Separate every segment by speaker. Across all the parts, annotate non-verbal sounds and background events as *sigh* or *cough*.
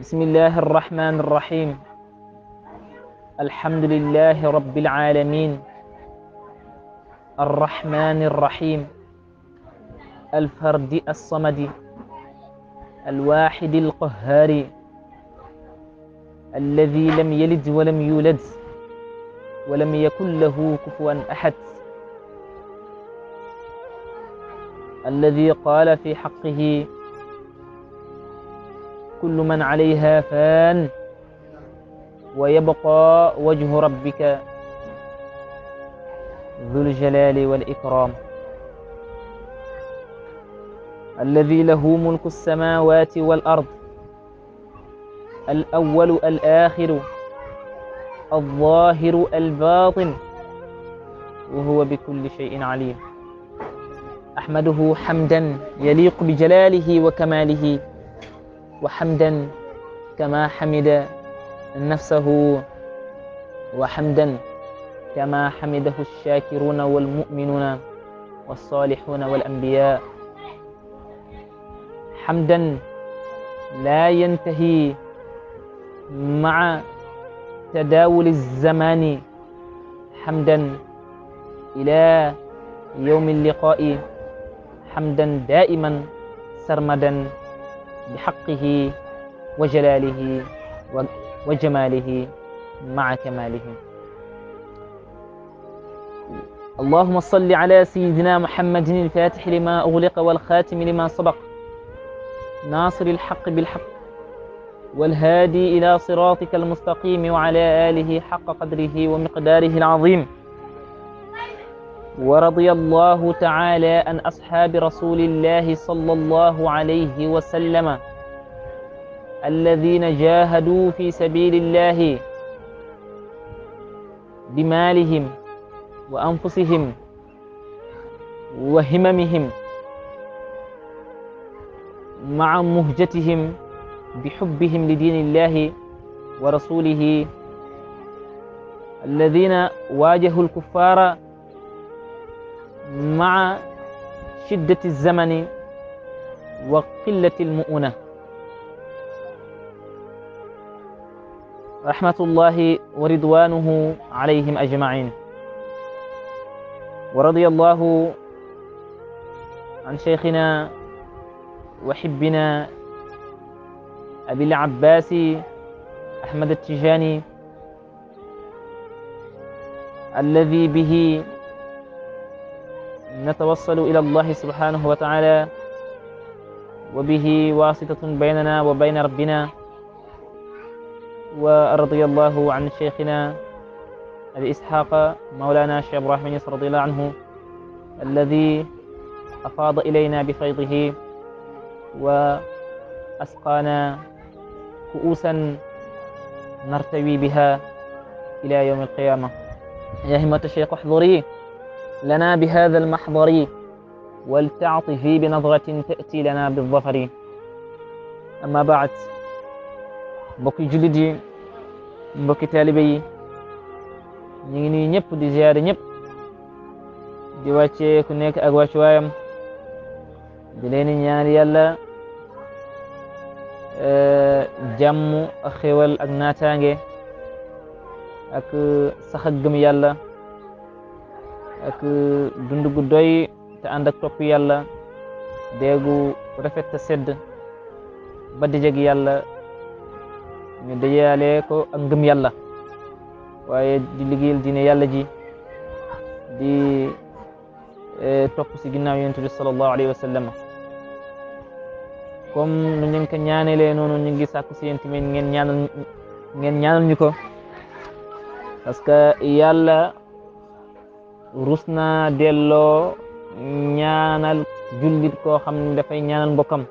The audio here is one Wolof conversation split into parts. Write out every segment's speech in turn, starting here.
Speaker 1: بسم الله الرحمن الرحيم الحمد لله رب العالمين الرحمن الرحيم الفرد الصمد الواحد القهار الذي لم يلد ولم يولد ولم يكن له كفوا أحد الذي قال في حقه كل من عليها فان ويبقى وجه ربك ذو الجلال والإكرام الذي له ملك السماوات والأرض الأول الآخر الظاهر الباطن وهو بكل شيء عليم أحمده حمدا يليق بجلاله وكماله وحمدا كما حمد نفسه وحمدا كما حمده الشاكرون والمؤمنون والصالحون والأنبياء حمدا لا ينتهي مع تداول الزمان حمدا إلى يوم اللقاء حمدا دائما سرمدا بحقه وجلاله وجماله مع كماله اللهم صل على سيدنا محمد الفاتح لما أغلق والخاتم لما سبق ناصر الحق بالحق والهادي إلى صراطك المستقيم وعلى آله حق قدره ومقداره العظيم ورضي الله تعالى عن أصحاب رسول الله صلى الله عليه وسلم الذين جاهدوا في سبيل الله بمالهم وأنفسهم وهممهم مع مهجتهم بحبهم لدين الله ورسوله الذين واجهوا الكفار مع شدة الزمن وقلة المؤونة رحمة الله ورضوانه عليهم أجمعين ورضي الله عن شيخنا وحبنا أبي العباس أحمد التجاني الذي به نتوصل إلى الله سبحانه وتعالى وبه واسطة بيننا وبين ربنا ورضي الله عن شيخنا أبي إسحاق مولانا الشيخ إبراهيم يسر رضي الله عنه الذي أفاض إلينا بفيضه وأسقانا كؤوسا نرتوي بها إلى يوم القيامة يا همة الشيخ احضري لنا بهذا المحضر ولتعطفي بنظرة تأتي لنا بالظفر أما بعد بوكي جلدي بوكي تالبي نيني نيب دي زيادة نيب دي واتشي كنيك أقوى شوية دليني نيالي يلا أه جمو أخيوال أغناتانجي أك سخقم يلا ak dund gu doy te ànd ak topp yàlla deegu rafet te sedd ba dajeg yàlla ñu dajaale ko ak ngëm yàlla waaye di liggéeyal diine yàlla ji di e, topp si ginnaaw yonent bi sallallahu alayhi wa sallam comme nu ñu ko ñaanalee noonu ñu ngi sàkku si yéen tamit ngeen ñaanal ngeen ñaanal ñu ko rus naa delloo ñaanal jullit koo xam ne dafay ñaanal mbokkam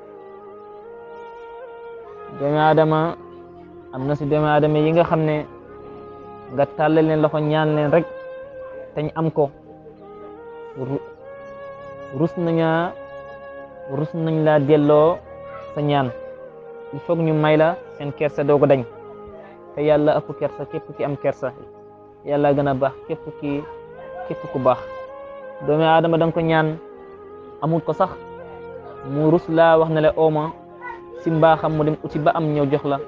Speaker 1: doomi aadama am na si doomi aadama yi nga xam ne nga tàllal leen loxo ñaan leen rek tañ am ko rus naña rus nañ laa delloo sa ñaan il faut ñu may la seen kersa doo ko dañ te yàlla ëpp kersa képp ki am kersa yàlla gën a baax képp képp ku baax doomi aadama danga ko ñaan amul ko sax mu rus laa wax ne la ooma oh si baaxam mu dem uti ba am ñëw jox la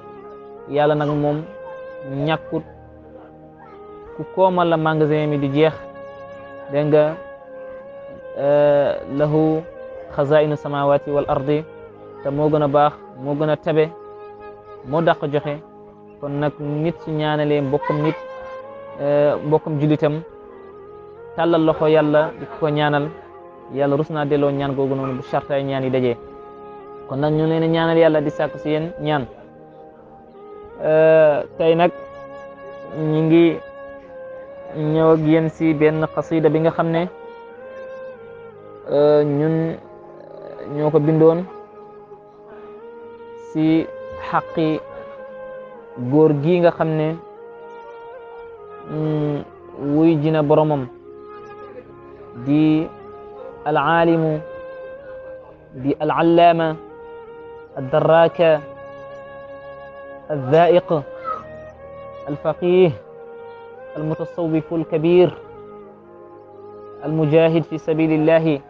Speaker 1: yàlla nag moom ñàkkut ku koomal la magasin mi di jeex dégg nga eh, lahu xazainu samawati wal ardi te moo gën a baax moo gën a tabe moo dàq joxe kon nag nit su ñaanalee mbokkam nit eh, mbokkam julitam talal loxo yalla diko ko ñaanal yalla rusna delo ñaan gogu noonu bu charte ñaan yi dajé kon nak ñu leen ñaanal yalla di sakku si yéen ñaan euh, tay nak ñi ngi ñew ak yeen si benn qasida bi nga xam euh ñun ñoko bindoon si haqi gor gi nga xam hmm wuy dina boromam دي العالم دي العلامة الدراكة الذائق الفقيه المتصوف الكبير المجاهد في سبيل الله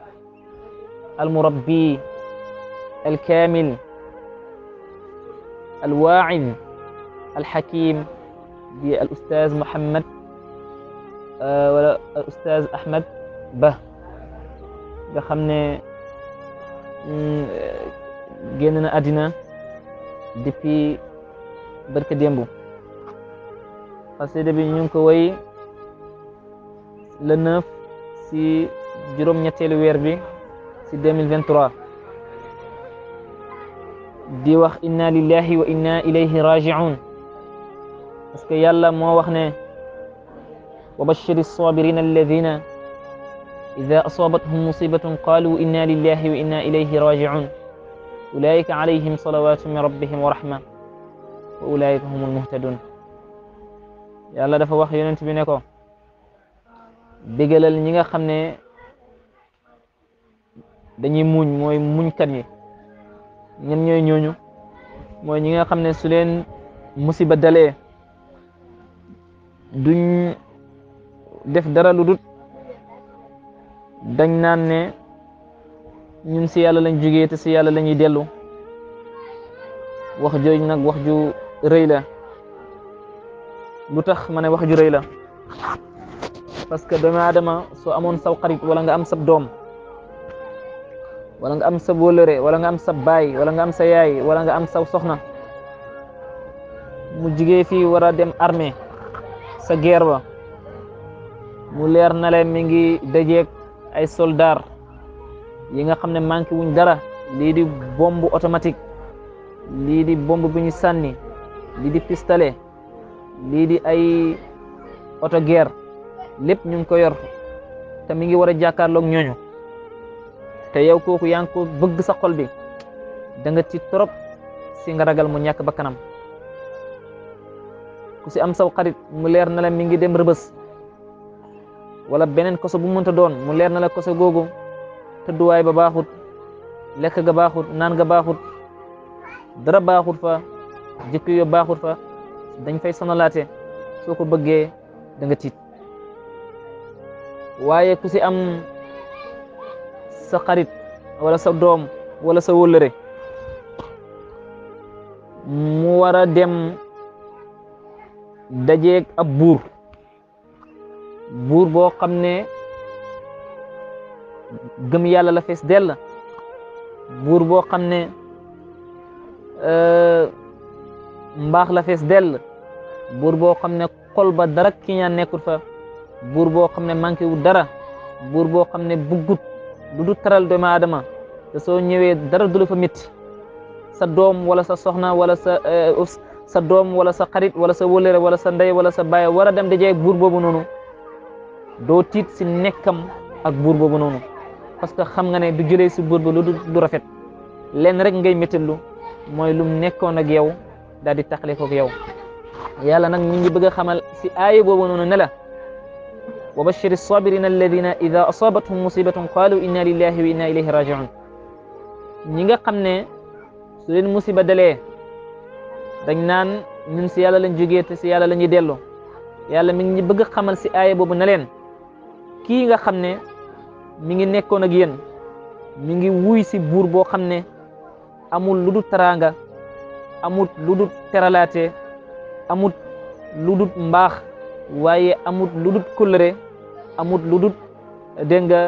Speaker 1: المربي الكامل الواعظ الحكيم دي الأستاذ محمد آه ولا الأستاذ أحمد به nga génn na àddina depuis barke démb xasida bi ñu ngi ko woy le neuf si juróom-ñetteelu weer bi si 2023 di wax inna lillahi wa inna ilayhi rajiun parce que yàlla moo wax ne wa bashiri sabirina alladina إذا أصابتهم مصيبة قالوا إنا لله وإنا إليه راجعون أولئك عليهم صلوات من ربهم ورحمة وأولئك هم المهتدون يا الله دفع واخ يونت بينكو ديغالال نيغا خامني داني موج موي موج كاني نين نيو نيونو موي نيغا خامني سولين مصيبه دالي دون ديف دارا dañ naan ne ñun si yàlla lañ jugee te si yàlla lañuy ñuy dellu wax jooju nag wax ju rëy la lu tax ma ne wax ju rëy la parce que aadama soo amoon saw xarit wala nga am sab doom wala nga am sa walangga wala nga am sa baay wala nga am sa yaay wala nga am saw soxna mu jugee fii war dem armée sa guerre ba mu leer na mi ngi dajeeg ay soldar yi nga xamne manki lidi wuñ dara lidi di bombe automatique li di bombe bu sanni li di pistolet li di ay auto guerre lepp ñu ko yor te mi ngi wara a jàkkaarloog te yow koku yang ko bëgg sa xol bi da nga ci trop si nga ragal mu ku si am saw xarit mu leer na la mi ngi dem rebeus wala beneen koso bu mënta doon mu leer na la koso googu tëdduwaay ba baaxut lekk ga baaxut naan ga baaxut dara baaxut fa jikko yo baaxut fa dañ fay laate soo ko bëggee da nga tiit waaye ku si am sa xarit wala sa doom wala sa wëllëre mu war a dem dajeeg ab buur buur boo xam ne gëm yàlla la fees dell buur boo xam ne euh, mbaax la fees dell buur boo xam ne xol ba dara ki ñaan nekkul fa buur boo xam ne manqué dara buur boo xam ne buggut lu du taral doomu aadama te soo ñëwee dara du fa mit sa doom wala sa soxna wala sa euh, sa doom wala sa xarit wala sa wëlëre wala sa ndey wala sa baay war a dem dajee buur boobu noonu doo tiit si nekkam ak buur boobu noonu parce que xam nga ne du jëlee si buur ba lu du rafet len rek ngay méttallu mooy lum nekkoon ak yow daal di taxale kook yow yàlla nag mi ngi bëgg a xamal si aaya boobu noonu ne la wa bashiri sabirina alladina ida asabathum musibatun qalu inna lillahi wa inna ilayhi rajiun ñi nga xam ne su leen musiba dalee dañ naan ñun si yàlla lañ jógee te si yàlla la ñuy dellu yàlla mi ngi bëgg a xamal si aaya boobu na leen kii nga xam ne mi ngi nekkoon ak yéen mi ngi wuy si buur boo xam ne amul lu dul taraanga amul lu dul teralaate amut lu dul mbaax waaye amut lu dul kóllëre amul lu dul dégg nga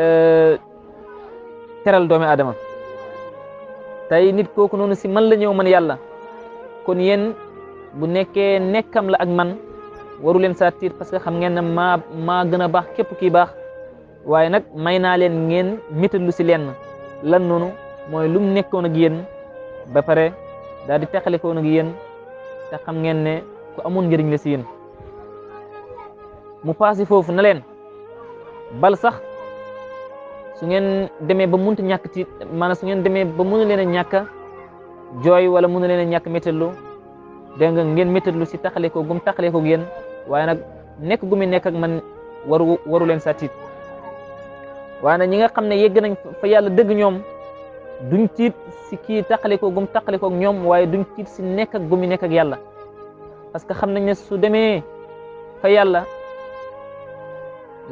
Speaker 1: euh, teral doomi aadama tey nit kooku noonu si man la ñëw man yàlla kon yéen bu nekkee nekkam la ak man waru leen saa tiit parce que xam ngeen ne maa maa gën a baax képp kii baax waaye nag may naa leen ngeen métitlu si leen lan noonu mooy lum mu nekkoon ak yéen ba pare daal di teqalikoon ak yéen te xam ngeen ne ku amoon njëriñ la si yéen mu paase foofu na leen bal sax su ngeen demee ba mun munta ñàkk tiit maanaam su ngeen demee ba mënu leen a ñàkk jooy wala mënu leen a ñàkk métitlu dégg nga ngeen métitlu si taxalikoo gum taxalikoo yéen waaye nag nekk gu muy nekk ak man war waru leen sa tiit waaye nag ñi nga xam ne yegg nañ fa yàlla dëgg ñoom duñ tiit si kii taqalikoo gum taqalikoo ak ñoom waaye duñ tiit si nekk ak gu muy nekk ak yàlla parce que xam nañ ne su demee fa yàlla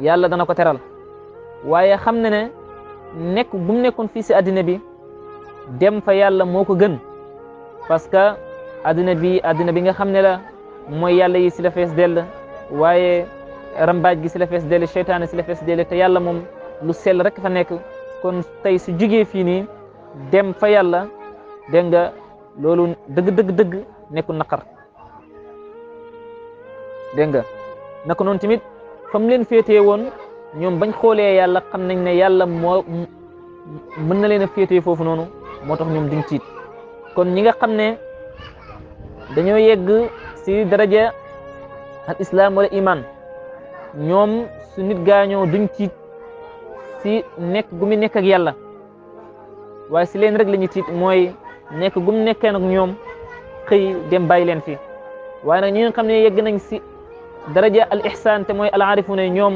Speaker 1: yàlla dana ko teral waaye xam na ne nekk bu mu nekkoon fii si addina bi dem fa yàlla moo ko gën parce que addina bi nga xam ne la mooy yàlla yi si la fees dell waaye rambaaj gi si la fees dell seytaane si la fees dell te yàlla moom lu sell rek fa nekk kon tey si jugee fii nii dem fa yàlla dégg nga loolu dëgg dëgg dëgg nekkul naqar dégg nga naka noonu tamit fa mu leen féetee woon ñoom bañ xoolee yàlla xam nañ ne yàlla moo mën na leen a féetee foofu noonu moo tax ñoom duñ tiit kon ñi nga xam ne dañoo yegg ci daraja al islam wala iman ñom su nit gaño duñ ci si nek gumi nek ak yalla way si len rek nek ñu moy nek gum gu nak ñom xey dem bay len fi way nak ñi nga xam yegg nañ si daraja al ihsan te moy al arifuna ñom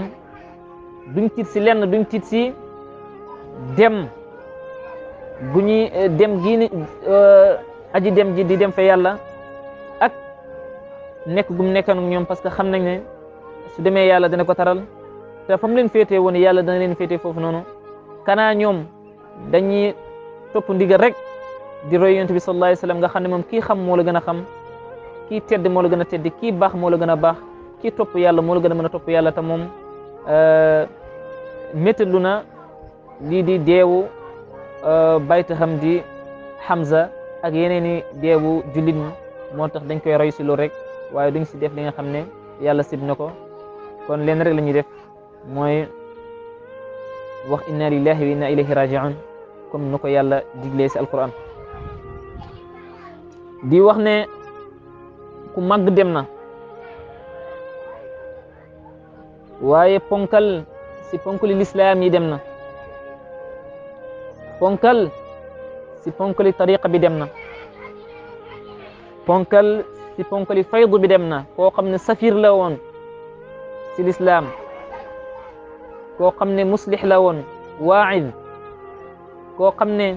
Speaker 1: duñ tiit si len duñ tiit si dem gu dem dem gii euh, aji dem ji di dem fa yalla nekk gum nekkan ak ñoom parce que xam nañ ne su demee yàlla dana ko taral te fa mu leen féetee woon yàlla dana leen féetee foofu noonu kanaa ñoom dañuy topp ndigal rek di roy yonent bi sallallahu alayhi wasallam nga xam ne moom kii xam moo la gën a xam kii tedd moo la gën a tedd kii baax moo la gën a baax kii topp yàlla moo la gën a mën a topp yàlla te moom euh, méttalu na lii di deewu euh, bayt xam di Hamza ak yeneen i deewu jullit moo tax dañ koy roy si lu rek waaye duñ si def li nga xam ne yàlla sib na ko kon leen rek la ñuy def mooy wax inna lillahi wa inna ilayhi rajiun comme nu ko yàlla digle si alquran di wax ne ku màgg dem na waaye ponkal si ponkali lislaam yi dem na ponkal si ponkali tariqa bi dem na ponkal si ponkali faydu bi dem na koo xam ne safir la woon si lislaam koo xam ne muslix la woon waaid koo xam ne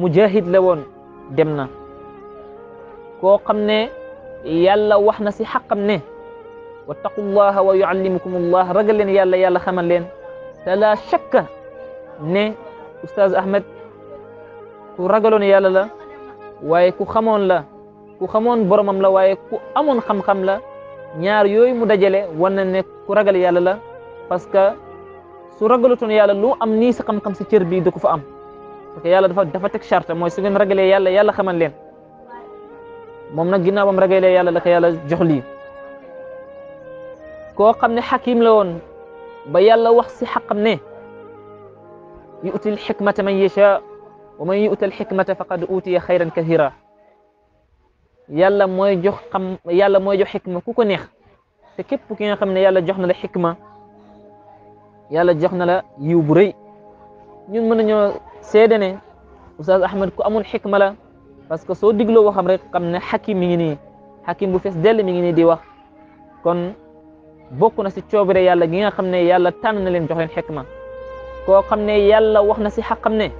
Speaker 1: mujahid la woon dem na koo xam ne yàlla wax na si xaqam ne wattaqullaha wa yuallimukumullah ragal leen yàlla yàlla xamal leen te la shakka ne Oustaz Ahmed ku ragaloon yàlla la waaye ku xamoon la ku xamoon boromam la waaye ku amoon xam-xam la ñaar yooyu mu dajale wan na ne ku ragal yàlla la parce que su ragalutoon yàlla lu am nii sa xam-xam si cër bi du ko fa am parce que yàlla dafa dafa teg charte mooy su ngeen ragalee yàlla yàlla xamal leen moom nag ginnaaw bam ragalee yàlla la ko yàlla jox lii koo xam ne xakim la woon ba yàlla wax si xaqam ne yu'ti al-hikmata man yasha wa man yu'ta al-hikmata faqad utiya khayran kathira yàlla mooy jox xam yàlla mooy jox xikma ku ko neex te képp ki nga xam ne yàlla jox na la xikma yàlla jox na la yiw bu rëy ñun mën nañoo seede ne Oustaz Ahmed ku amul xikma la parce que soo digloo waxam rek xam ne xakim mi ngi nii xakim bu fees dell mi ngi nii di wax kon bokk na si coobare yàlla gi nga xam ne yàlla tànn na leen jox leen xikma koo xam ne yàlla wax na si xaqam ne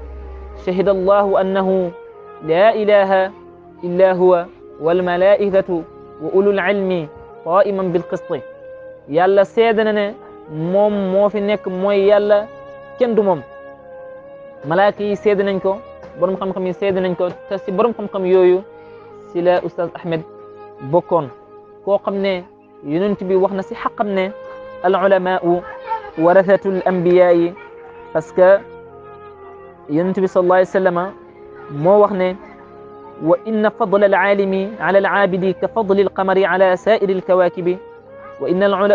Speaker 1: shahida allahu annahu laa ilaha illa huwa والملائكة وأولو العلم قائما بالقسط يلا سيدنا موم مو في نيك موي يلا كين دو موم ملائكي سيدنا نكو بروم خم خم سيدنا نكو تسي بروم خم خم يويو سيلا أستاذ أحمد بوكون كو خم ني يننت بي سي حق العلماء ورثة الأنبياء فسكا ينتبه صلى الله عليه وسلم مو وحنا وإن فضل العالم على العابد كفضل القمر على سائر الكواكب وإن العل...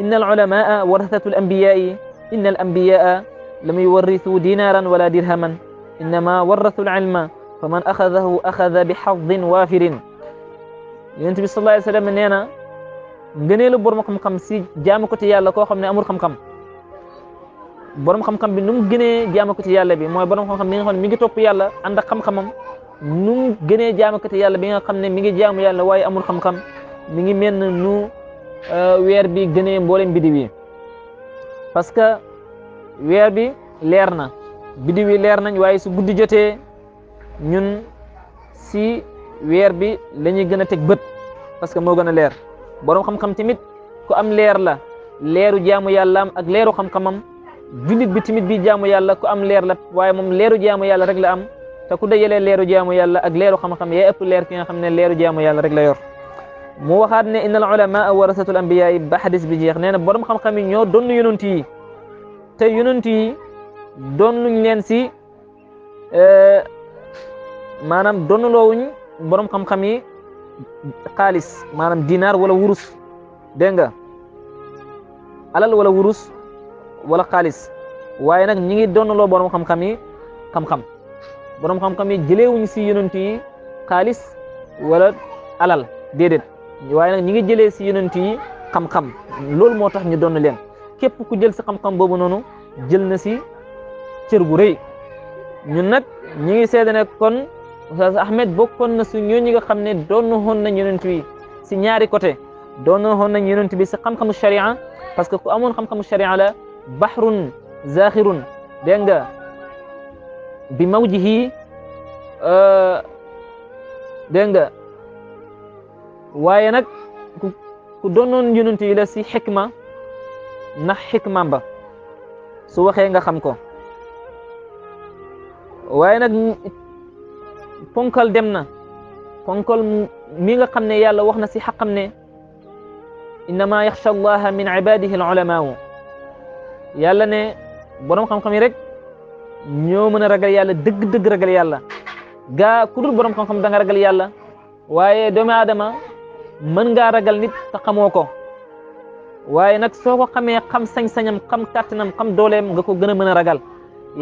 Speaker 1: إن العلماء ورثة الأنبياء إن الأنبياء لم يورثوا دينارا ولا درهما إنما ورثوا العلم فمن أخذه أخذ بحظ وافر ينتبه صلى الله عليه وسلم من هنا ngene lu borom xam xam si jaamako ci yalla ko xamne amul بنوم xam borom xam xam bi num gëné jaamako ci yalla bi moy borom xam nu mu gënee jaamukati yàlla bi nga xam ne mi ngi jaamu yàlla waaye amul xam-xam mi ngi na nu euh, weer bi gënee mboolem biddiw yi parce que weer bi leer na bidi yi leer nañ waaye su guddi jotee ñun si weer bi la ñuy gën a teg bët parce que moo gën a leer borom xam-xam tamit ku am leer la leeru jaamu am ak leeru xam-xamam jullit bi tamit bi jaamu yàlla ku am leer la waaye moom leeru jaamu yàlla rek la am. te ku dajalee leeru jaamu yàlla ak leeru xam-xam yaa leer ki nga xam ne leeru jaamu yàlla rek la yor mu waxaat ne innal ulamaa warasatul anbiyaa ba xadis bi jeex nee na borom xam-xam yi ñoo donn yonent yi te yonent yi donnuñ leen si e, maanaam donnuloowuñ borom xam-xam yi kaalis maanaam dinaar wala wurus dégg nga alal wala wurus wala kaalis waaye nag ñi ngi donnaloo borom xam-xam yi xam-xam borom xam-xam yi jëleewuñ si yonent yi xaalis wala alal déedéet waaye nag ñi ngi jëlee si yonent yi xam-xam loolu moo tax ñu doon leen képp ku jël si xam-xam boobu noonu jël na si cër bu rëy ñun nag ñi ngi seede ne kon Oustaz Ahmed bokkoon na si ñoo ñi nga xam ne doon xoon nañ ti yi si ñaari côté doon xoon nañ ti bi si xam-xamu sharia parce que ku amoon xam-xamu sharia la bahrun zaxirun dégg bi mawjihi euh, dégg nga waaye nag ku ku doonoon yonent yi la si xikma ndax xikmaam ba su waxee nga xam ko waaye nag ponkal dem na ponkal mi nga xam ne yàlla wax na si xaqam ne innama yaxsha allaha min ibadihi al ulamaawu yàlla ne borom xam-xam yi rek ñoo mën a ragal yàlla dëgg-dëgg ragal yàlla gaa ku borom xam-xam danga ragal yàlla waaye doomu aadama mën ngaa ragal nit te xamoo ko waaye nag soo ko xamee xam sañ-sañam xam kàttanam xam dooleem nga ko gën a mën a ragal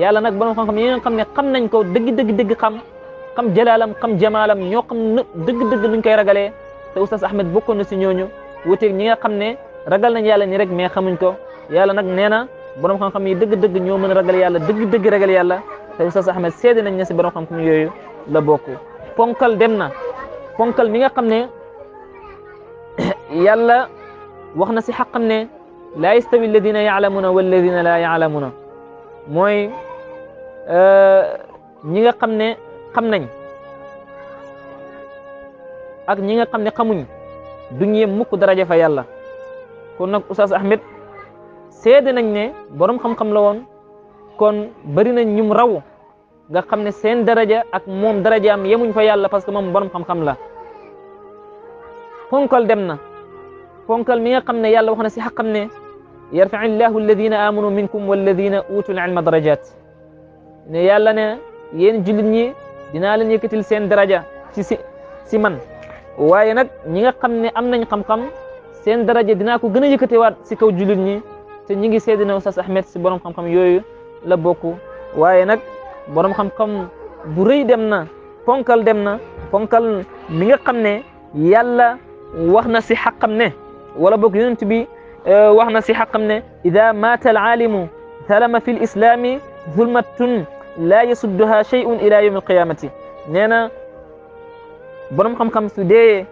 Speaker 1: yàlla nag borom xam-xam yi nga xam ne xam nañ ko dëgg dëgg dëgg xam xam jalaalam xam jamaalam ñoo xam dëgg dëgg nuñ koy ragalee te oustaz Ahmed bokkoon na si ñooñu wuteeg ñi nga xam ne ragal nañ yàlla ni rek mais xamuñ ko yàlla nag nee borom xam-xam yi dëgg-dëgg ñoo mën a ragal yàlla dëgg-dëgg ragal yàlla te Oustaz Ahmed seede nañ ne si borom xam-xam yooyu la bokk ponkal dem na ponkal mi nga xam ne yàlla wax na si xaqam ne laa yastawi alladina yaalamuna walladina laa yaalamuna mooy ñi nga xam ne xam nañ ak ñi nga xam ne xamuñ duñ yem mukk daraja fa yàlla kon nag Oustaz Ahmed seede nañ ne borom xam-xam la woon kon bari nañ ñum raw nga xam ne seen daraja ak moom am yemuñ fa yàlla parce que moom borom xam-xam la ponkal dem na ponkal mi nga xam ne yàlla wax na si xaqam ne yarfaillahu alladina amanu minkum walladina utul ilma darajat ne yàlla ne yéen jullit ñi dinaa leen yëkkatil seen daraja ci si si man waaye nag ñi nga xam ne am nañ xam-xam seen daraja dinaa ko gën a yëkkatewaat si kaw jullit ñi te ñi ngi sédina Oustaz Ahmed ci borom xam-xam yoyu la bokku waye nak borom xam-xam bu reuy dem na ponkal dem na ponkal mi nga xam ne yàlla wax na si xaqam ne wala bokk yonent bi wax na si xaqam ne ida maata alim talama fi al-islam zulmatun la yasudduha shay'un ila yawm al-qiyamati na borom xam-xam su dé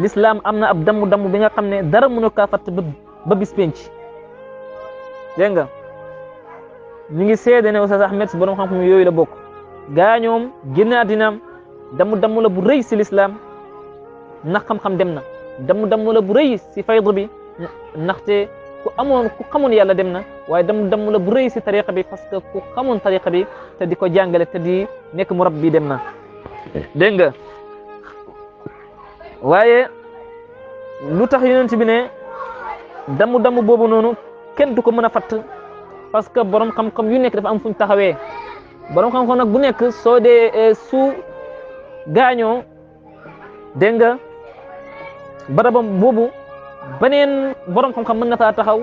Speaker 1: l'islam amna ab damm damm bi nga xam ne dara mënu ka fatt ba bis penc dégg nga ñu ngi seede ne Oustaz Ahmed si borom xam-xam yooyu la bokk gaa ñoom génn àddinaam damu damu la bu rëy si lislaam ndax xam-xam dem na damu damu la bu rëy si faydu bi ndaxte ku amoon ku xamoon yàlla dem na waaye damu damu la bu rëy si tariqa bi parce que ku xamoon tariqa bi te di ko jàngale te di nekk mu rab dem na dégg nga waaye lu tax yonent bi ne damu damu boobu noonu kenn du ko mën a fatt parce que borom xam-xam yu nekk dafa am fu ñu taxawee borom xam-xam nag bu nekk soo dee eh, su gaaño dégg nga barabam boobu beneen borom xam-xam mën na faa taxaw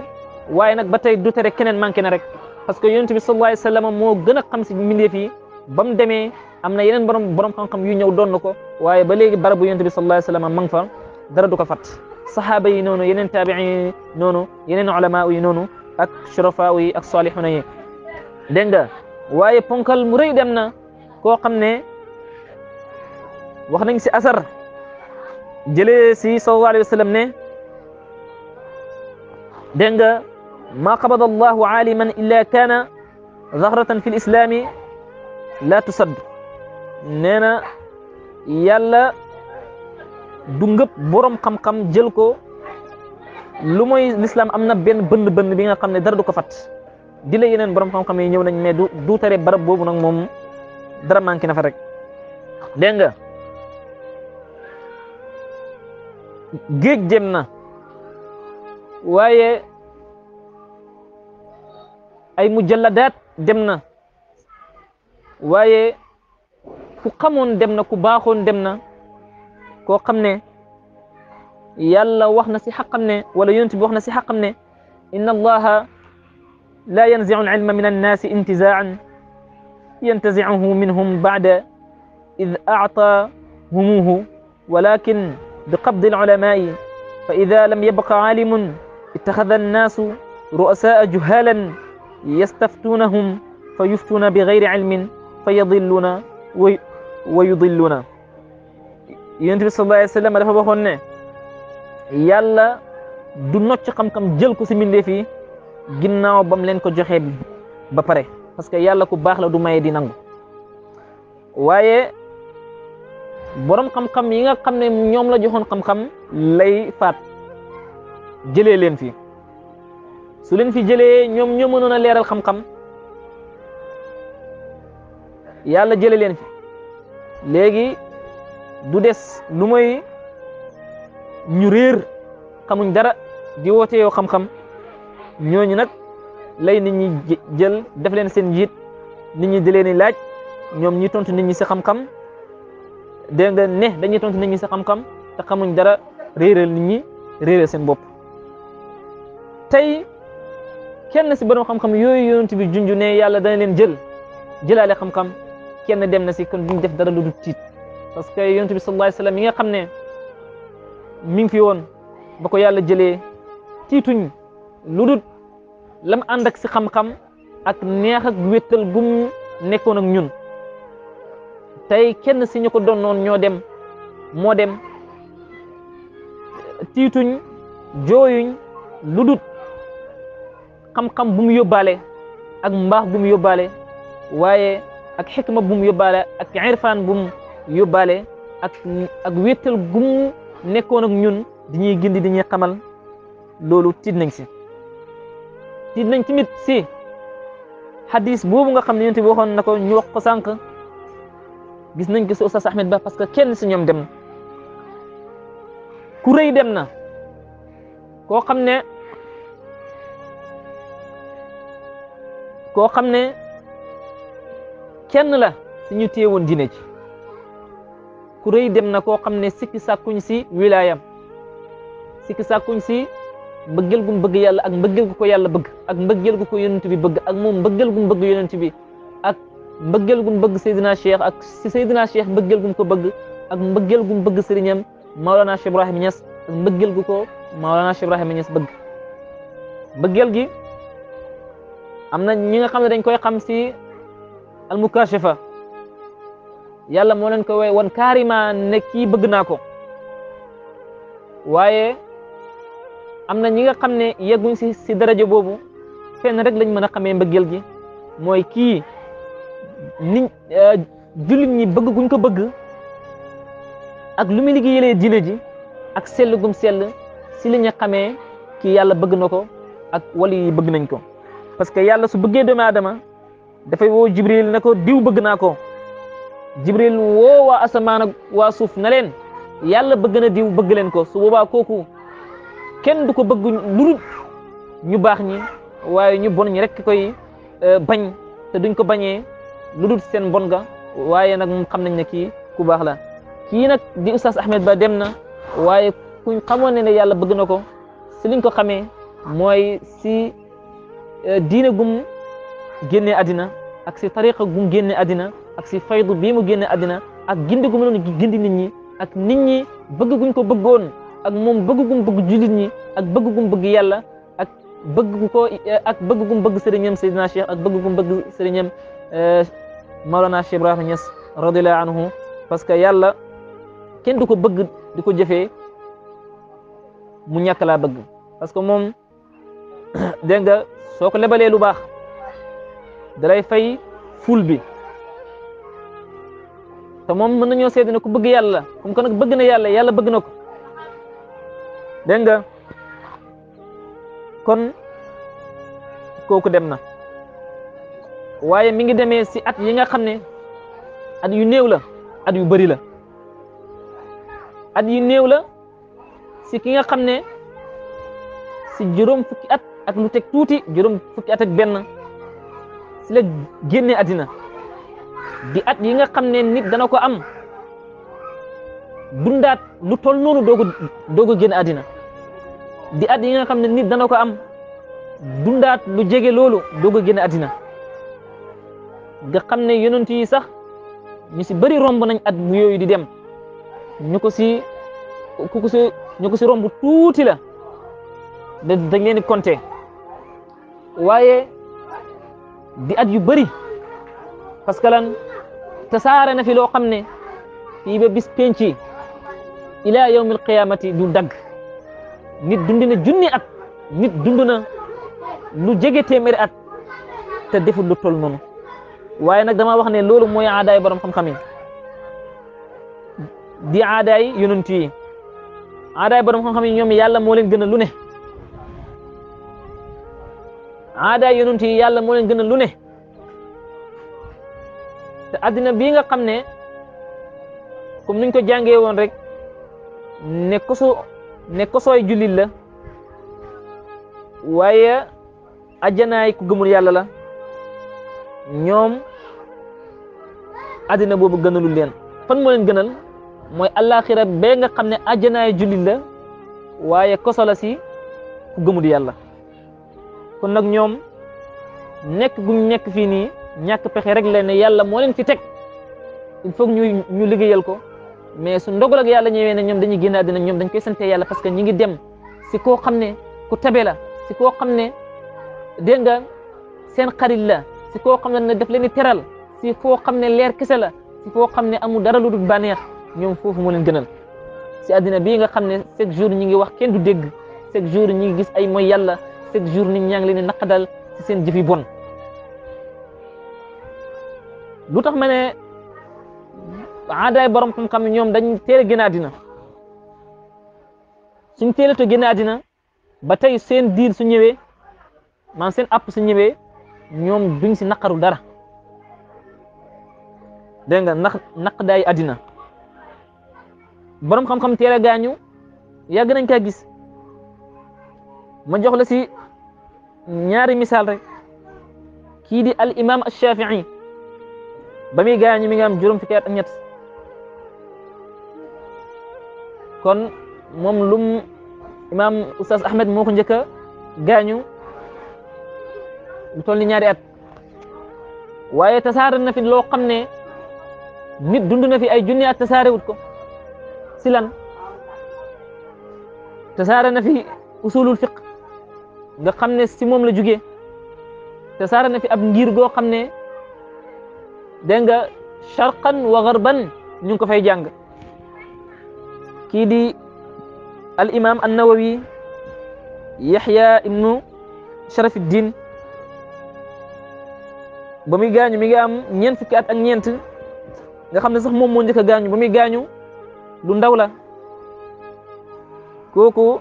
Speaker 1: waaye na ba tey du tere keneen manqué na rek parce que yonent bi sallallahu alayhi wa sallam moo gën xam si mbindeef yi ba mu demee am na yeneen borom borom xam-xam yu ñëw doon na ko waaye ba léegi barabu yonent bi sallallahu alayhi wa man ma ngi fa dara du ko fàtt صحابي نونو ينن تابعي نونو ينن علماء نونو اك شرفاء اك صالحون يي دنگا واي بونكال موري دمنا كو خامني واخ سي اثر جلي سي صلى الله عليه وسلم ني دنگا ما قبض الله عالما الا كان ظهرة في الاسلام لا تصد نينا يلا du ngëpp borom xam-xam jël ko lu mooy lislaam am na benn bënn bënd bi nga xam ne dara du ko fat di la yeneen borom xam-xam yi ñëw nañ mais du du tere barab boobu nag moom dara manqué na fa rek dégg nga géej na waaye ay mujalladaat dem na waaye ku xamoon dem na ku baaxoon dem na يلا واخنا سي حقمنا ولا ينتبه واخنا سي حقمنا ان الله لا ينزع العلم من الناس انتزاعا ينتزعه منهم بعد اذ اعطى هموه ولكن بقبض العلماء فاذا لم يبق عالم اتخذ الناس رؤساء جهالا يستفتونهم فيفتون بغير علم فيضلون وي yonent bi sallallahu alayhi wa sallam dafa waxoon ne du nocc xam-xam jël ko si mbindeef yi ginnaaw bam leen ko joxee ba pare parce que yàlla ku baax la du maye di nangu waaye borom xam-xam yi nga xam ne ñoom la joxoon xam-xam lay faat jëlee leen fi su leen fi jëlee ñoom ñoo mënoon a leeral xam-xam yàlla jële leen fi léegi du des lu mooy ñu réer xamuñ dara di wote yoo xam-xam ñooñu nag lay nit ñi jël def leen seen njiit nit ñi di leen di laaj ñoom ñi tontu nit ñi si xam-xam dégg nga ne dañuy tontu nit ñi si xam-xam te xamuñ dara réeral nit ñi réeral seen bopp tey kenn si borom xam-xam yooyu yonent bi junj ne yàlla dana leen jël jëlaale xam-xam kenn dem na si kon duñ def dara lu dul tiit. parce que yonent bi sallallahu alayhi wa sallam yi nga xam ne mi ngi fi woon ba ko yàlla jëlee tiituñ lu dut lam ànd ak si xam-xam ak neex ak wéttal gum nekkoon ak ñun tey kenn si ñu ko donnoon ñoo dem moo dem tiituñ jooyuñ lu dut xam-xam bu mu yóbbaale ak mbaax bu mu yóbbaale waaye ak xikma bu mu yóbbaale ak irfaan bu yóbbaale ak ak wéttal gum nekkoon ak ñun diñuy gindi di ñuy xamal loolu tiit nañ si tiit nañ tamit si xadis boobu nga xam ne yonent bi waxoon na ko ñu wax ko sànq gis nañ ko si Oustaz Ahmed Ba parce que kenn si ñoom dem na ku dem na koo xam ne koo xam ne kenn la si ñu téyewoon diine ci ku rëy dem na koo xam ne sikki sàkkuñ si wilaayam sikki sàkkuñ si mbëggeel gu mu bëgg yàlla ak mbëggeel gu ko yàlla bëgg ak mbëggeel gu ko yonent bi bëgg ak moom mbëggeel gu mu bëgg yonent bi ak mbëggeel gu mu bëgg Seydina Cheikh ak si Seydina Cheikh mbëggeel gu ko bëgg ak mbëggeel gu mu bëgg sëriñam Maolana Cheikh Ibrahim Niass ak mbëggeel gu ko Maolana Cheikh Ibrahim Niass bëgg mbëggeel gi am na ñinga nga xam ne dañ koy xam si almukashifa yalla mo len ko way won karima ne ki beug naa ko waaye am ñi nga xamne yeguñ ci ci si daraja boobu fenn rek lañ mëna xamé mbeugël gi moy ki ni jullit ñi bëgg guñ ko bëgg ak lu mi liggéeyalee diine ji ak sellu gum sell ci li ñi xamé ki yalla bëgg nako ak wali yi bëgg nañ ko parce que yalla su bëggé bëggee doomu da fay wo jibril nako diw bëgg nako jibril woo waa asamaan ak waa suuf naleen leen yàlla bëgg na diw bëgg leen ko su boobaa kooku kenn du ko bëgg lurut ñu baax ñi waaye ñu bon ñi rek koy euh, bañ te duñ ko bañee lurut seen bon ga waaye nag moom xam nañ ne kii ku baax la kii nag di oustaz Ahmed Ba dem na waaye kuñ xamoon ne ne yàlla bëgg na ko si liñ ko xamee mooy si euh, diine gum génnee àddina ak si tariqa gum génnee àddina ak si faydu bii mu génne àddina ak gindi gu mu gindi nit ñi ak nit ñi bëgg guñ ko bëggoon ak moom bëgg gum bëgg jullit ñi ak bëgg gum bëgg yàlla ak bëgg gu ko ak bëgg gum bëgg sëriñam Seydina ak bëgg gum bëgg sëriñam euh, Maolana Cheikh Ibrahima Niass radiyallahu anhu parce que yàlla kenn du ko bëgg di ko jëfee mu ñàkk laa bëgg parce que moom *coughs* dégg nga soo ko lebalee lu baax dalay fay ful bi te mom mën nañoo sédina ku bëgg yalla kum ko nak bëgg na yalla yalla bëgg nako ko nga kon koku dem na waye mi ngi démé ci at yi nga xamné at yu neew la at yu bari la at yu neew la si ki nga xamné ci si fukki at ak lu tek tuuti juroom fukki at ak ben ci la génné adina di at yi nga xam ne nit dana ko am dundaat lu tol noonu doog a doog a àddina di at yi nga xam ne nit dana ko am dundaat lu jege loolu doog a génn àddina nga xam ne yonent yi sax ñu si bari romb nañ at mu yooyu di dem ñu ko si ku ko si ñu ko si romb tuuti la da dañ leen di waaye di at yu bari parce que lan tasaare na fi loo xam ne fii ba bis penci ila yawmil qiyaamati du dagg nit dundi junni at nit dund na lu jege téeméeri at te deful lu tol noonu waaye nag dama wax ne loolu mooy aadaay borom xam-xam yi di aadaay yonent yi aadaay borom xam-xam yi ñoom yàlla moo leen gën lu ne aadaay yonent yi yàlla moo leen gën lu ne te àddina bii nga xam ne comme nuñ ko jàngee woon rek ne koso ne kosooy jullit la waaye ajjanaay ku gëmul yàlla la ñoom àddina boobu gënalul leen fan moo leen gënal mooy àllaaxira bee nga xam ne ajjanaay jullit la waaye koso la si ku gëmul yàlla kon nag ñoom nekk guñ nekk fii nii ñak pexé rek léne yalla mo leen fi tek il faut ñu ñu liggéeyal ko mais su ndogal ak yalla ñëwé na ñom dañuy gëna dina ñom dañ koy santé yalla parce que ñi ngi dem si ko xamné ku tabé la si ko xamné dénga seen xarit la si ko xamné na def leen téral teral si xamné xam ne la si foo xamné amu dara lu dut bànneex ñom fofu mo leen gënal si adina bi nga xamné chaque jour ñi ngi wax kenn du dégg chaque jour ñi ngi gis ay moy yalla chaque jour ñi ñang leen seen jëf yi bon lu tax ma ne aadaay borom xam-xam ne ñoom dañ teel a génn àddina suñ teelatoo génn àddina ba tey seen diir su ñëwee man seen app su ñëwee ñoom duñ si naqaru dara dégg nga naq naq àddina borom xam-xam teel a gaañu yàgg nañ kaa gis ma jox la si ñaari misaal rek kii di al imam al shafii ba muy gaañu mi ngi am juróom fukki at ak ñett kon moom lum imaam oustaz Ahmed moo ko njëkk a gaañu lu toll ni ñaari at waaye tasaare na fi loo xam ne nit dund na fi ay junni at tasaare wut ko si lan tasaare na fi usulul fiq nga xam ne si moom la jugee tasaare na fi ab ngir goo xam ne. dégg nga sharqan wa garban ñu ngi ko fay jàng kii di al imam annawawi yaxya ibnu sharafiddin ba muy gaañu mi ngi am ñeent fukki at ak ñeent nga xam ne sax moom moo njëkk a gaañu ba muy gaañu lu ndaw la kooku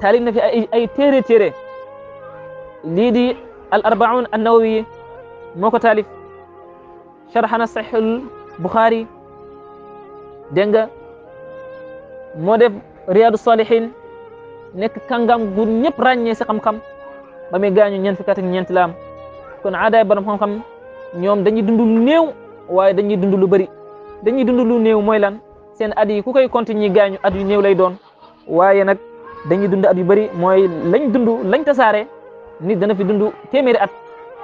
Speaker 1: taalif na fi ay ay téere lii di al arbaun annawawi moo ko taalif sharhana sahihul Bukhari dégg nga moo def Riyadu Salihin nekk kàngam gu ñëpp ràññee si xam-xam ba muy gaañu ñeent fukki at ak ñeent la am kon aadaay borom xam-xam ñoom dañuy dund lu néew waaye dañuy dund lu bëri dañuy dund lu néew mooy lan seen at yi ku koy continuer gaañu at yu néew lay doon waaye nag dañuy dund at yu bëri mooy lañ dund lañ tasaare nit dana fi dund téeméeri at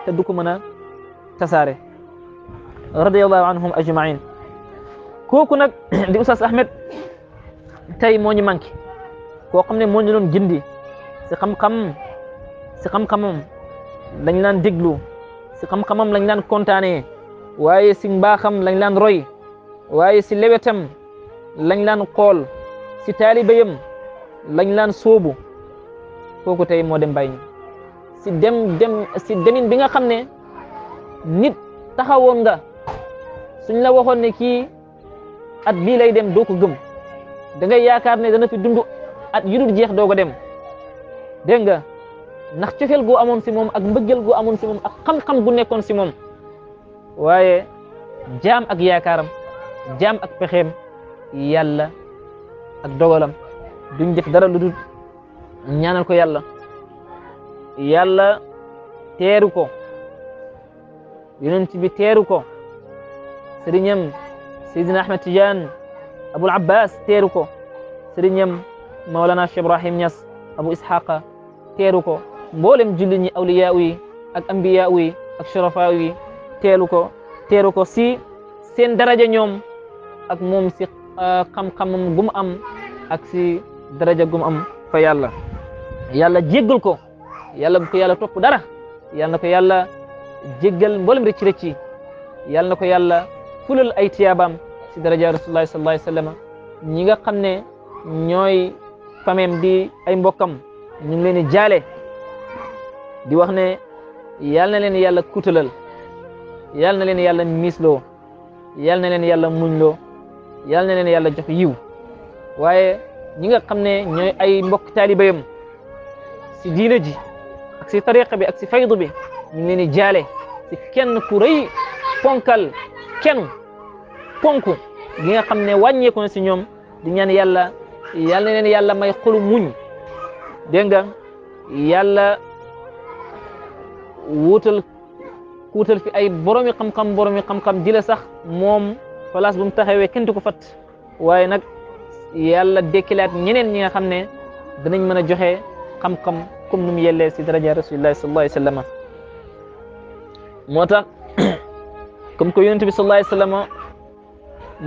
Speaker 1: te du ko mën a tasaare. radiyallahu anhum ajmain kooku nag *clears throat* di Oustaz Ahmed tey moo ñu manqué koo xam ne moo doon gindi si xam-xam si xam-xamam lañ laan déglu si xam-xamam lañ laan kontaanee waaye si mbaaxam lañ laan roy waaye si lewetam lañ laan kool si taalibayam lañ laan sóobu kooku tey moo dem bàyyi si dem dem si demin bi nga xam ne nit taxawoon nga suñ la waxoon ne kii at bii lay dem doo ko gëm da ngay yaakaar ne dana fi dund at yu dul jeex doo ko dem dégg nga ndax cofeel gu amoon si moom ak mbëggeel gu amoon si ak xam-xam gu nekkoon si moom waaye jaam ak yaakaaram jaam ak pexeem yàlla ak dogalam duñ def dara lu dul ñaanal ko yàlla yàlla teeru ko ci bi teeru ko serinyam sidina ahmad tijan Abul Abbas teruko serinyam Maulana syekh Ibrahim nyas Abu Ishaq teruko mbolem mboolem julli ñi awliya wi ak anbiya wi ak sharafa wi teruko teruko si Sen daraja ñom ak mom si ah, xam xam gu mu am ak si daraja gum am fa yalla yalla jéggal ko yalla ko yalla top dara yalla ko yalla jéggal mbolem recc recc yalla ko yalla fulal ay tiyabam ci daraja rasulullah sallallahu alayhi wasallam ñi nga xamne ñoy famem di ay mbokam ñu ngi leen di jaale di wax ne yal na leen yàlla kutulal yal na leen yàlla mislo yal na leen yàlla muñlo yal na leen yàlla jox yiw waye ñi nga xamne ñoy ay mbok taalibayam ci diina ji ak ci tariqa bi ak ci faydu bi ñu ngi leen di jaale si kenn ku rëy ponkal kenn ponk gi nga xam ne wàññeeku na si ñoom di ñaan yàlla yàlla na leen yàlla may xolu muñ dégg nga yàlla wuutal kuutal fi ay boromi xam-xam boromi xam-xam di la sax moom place bum mu taxawee kenn ko fat waaye nag yàlla dekkilaat ñeneen ñi nga xam ne danañ mën a joxe kam kam comme nu mu yellee si daraja rasulillah sallallahu alayhi wa sallam moo tax comme que yonent bi sallallahu alayhi wasallam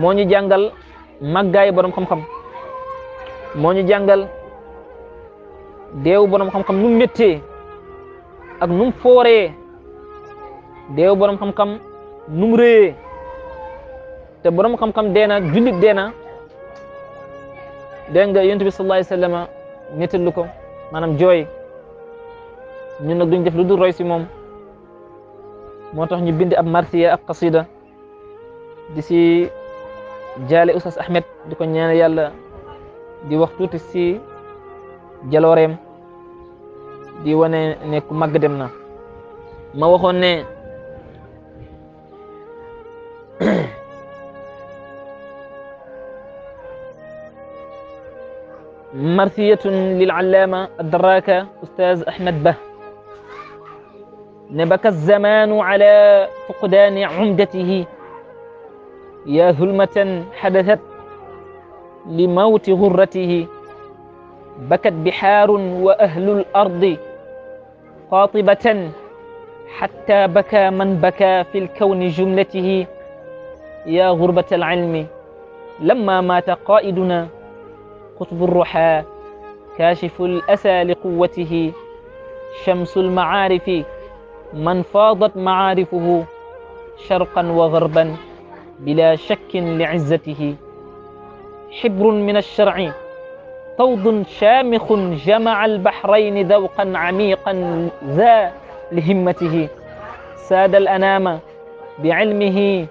Speaker 1: moo ñu jàngal màggaayu borom xam-xam moo ñu jàngal deewu borom xam-xam nu mu méttee ak nu mu fooree deewu borom xam-xam nu mu rëyee te borom xam-xam deena jullit deena dégg nga yonent bi sallallahu alayhi wasallam nettalu ko maanaam jooy ñun nag duñ def lu dul roy si moom. موتوخ ني بيندي اب مارسيا اب قصيده دي سي جالي استاذ احمد ديكو نيان يالا دي واخ توتي سي جالوريم دي وني نيكو ماغ ديمنا ما واخون ني *coughs* مرثية للعلامة الدراكة أستاذ أحمد به نبك الزمان على فقدان عمدته يا ظلمة حدثت لموت غرته بكت بحار وأهل الأرض قاطبة حتى بكى من بكى في الكون جملته يا غربة العلم لما مات قائدنا قطب الرحى كاشف الأسى لقوته شمس المعارف من فاضت معارفه شرقا وغربا بلا شك لعزته حبر من الشرع طوض شامخ جمع البحرين ذوقا عميقا ذا لهمته ساد الأنام بعلمه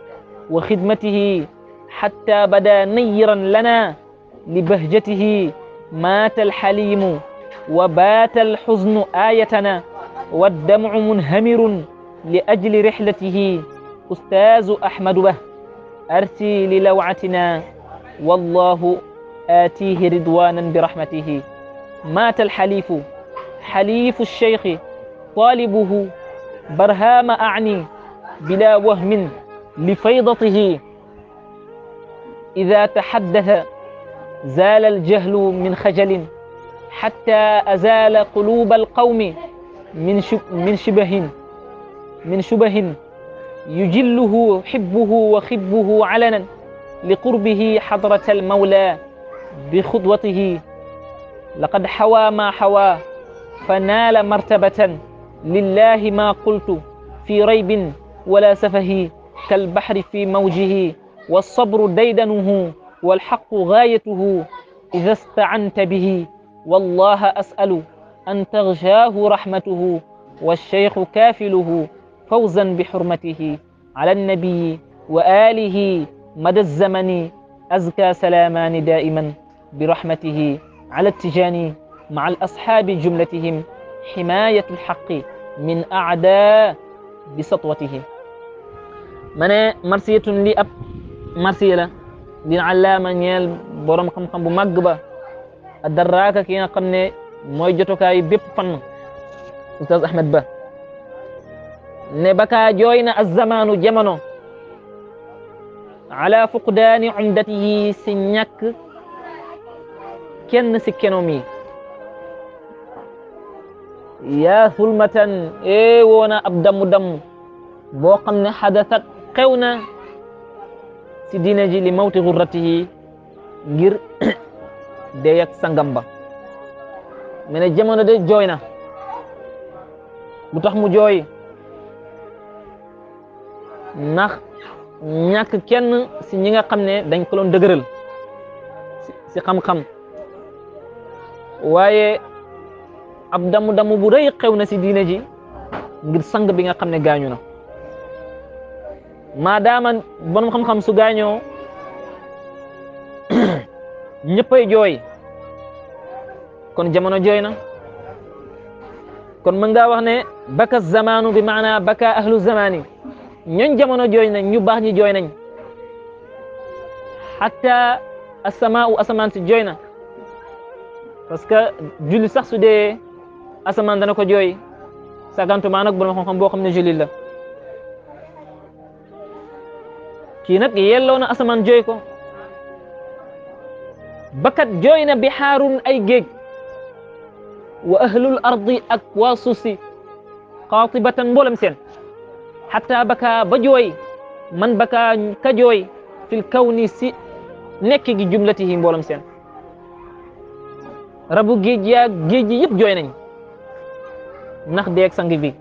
Speaker 1: وخدمته حتى بدا نيرا لنا لبهجته مات الحليم وبات الحزن آيتنا والدمع منهمر لأجل رحلته أستاذ أحمد به أرسي للوعتنا والله آتيه رضوانا برحمته مات الحليف حليف الشيخ طالبه برهام أعني بلا وهم لفيضته إذا تحدث زال الجهل من خجل حتى أزال قلوب القوم من من شبه من شبه يجله حبه وخبه علنا لقربه حضرة المولى بخطوته لقد حوى ما حوى فنال مرتبة لله ما قلت في ريب ولا سفه كالبحر في موجه والصبر ديدنه والحق غايته إذا استعنت به والله أسأل أن تغشاه رحمته والشيخ كافله فوزا بحرمته على النبي وآله مدى الزمن أزكى سلامان دائما برحمته على التجاني مع الأصحاب جملتهم حماية الحق من أعداء بسطوته من مرسية لأب مرسية ab marsiya la dina allaama ñeel borom xam-xam mooy jotukaayu bépp fann oustaz Ahmed Ba ne baka jooy na azzamaanu jamono ala fuqdaani umdatihi si ñàkk kenn si kenoom yi yaa hulmatan e woona ab dammu-damm boo xam ne xadasat xew na si diine ji li mawti gurratihi ngir *coughs* deyak sangam ba mene jamono de joyna na mu joy ndax ñak kenn si ñi nga xamne dañ ko lon degeural si xam-xam waye ab damu-damu bu reey xew na si diine ji ngir sang bi nga xamne gañu na na maadaama bon xam-xam su gaañoo ñeppay joy kon jamono jooy na kon mën ngaa wax ne baka zamanu bi maana baka ahlu zamani ñooñ jamono jooy nañ ñu baax ñi jooy nañ xatta asamaau asamaan si jooy na parce que julli sax su dee asamaan dana ko jooy sagantumaa nag borom xam-xam boo xam ne julli la kii nag yelloo na asamaan jooy ko bakat jooy na bixaarun ay géej wa ahlul ardi ak waa suuf si xaatibatan mboolem seen xataa baka ba jooy man baka ka jooy fil kawni si nekk gi jumlatihi mboolem seen rabu géej yaa géej yi yëpp jooy nañ ndax deeg sang bi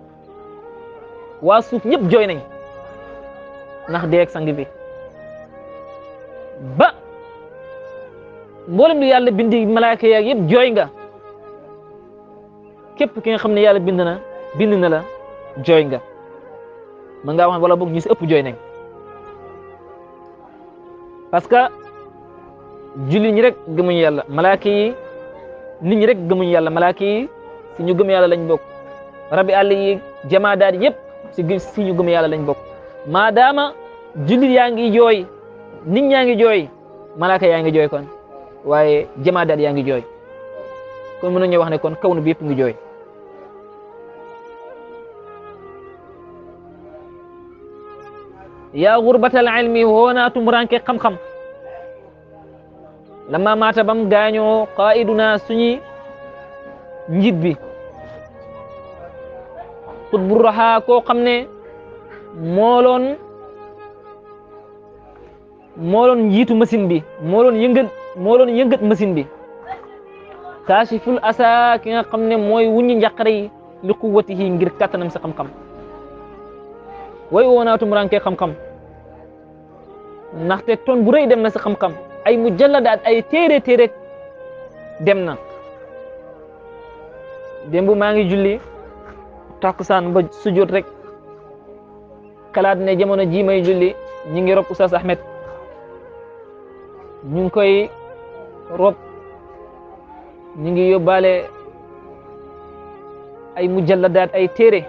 Speaker 1: waa suuf ñëpp jooy nañ ndax deeg sangi bi ba mboolem lu yàlla bindi malaaka yaa yëpp jooy nga képp ki nga xam ne yàlla bind na bind na la jooy nga ma nga wax wala boog ñu si ëpp jooy nañ parce que jullit ñi rek gëmuñu yàlla malaaka yi nit ñi rek gëmuñu yàlla malaaka yi si ñu gëm yàlla lañ bokk rabi àll yi jamaadaat yëpp si si ñu gëm yàlla lañ bokk maadaama jullit yaa ngi jooy nit ñaa ngi jooy malaaka yaa ngi jooy kon waaye jamaadaat yaa ngi jooy kon mën nañu wax ne kon kaw nu bi yëpp ngi jooy yaa gurbatal ilmi hoona tumuranke xam-xam lamma maata bam gaañoo qaiduna suñi njiit bi xutbu raha koo xam ne mooloon mooloon njiitu machine bi mooloon yëngat mooloon yëngat machine bi kaashiful asa ki nga xam ne mooy wuññi njaqare yi li quwwatihi ngir kattanam sa xam-xam way woonaatum ranke xam-xam ndaxte ton bu rëy dem na si xam-xam ay mujalladaat ay téere téere dem na démb maa ngi julli takkusaan ba sujjóot rek kalaat ne jamono ji may julli ñu ngi rob Oustaz Ahmed ñu ngi koy rob ñu ngi yóbbaale ay mujalladaat ay téere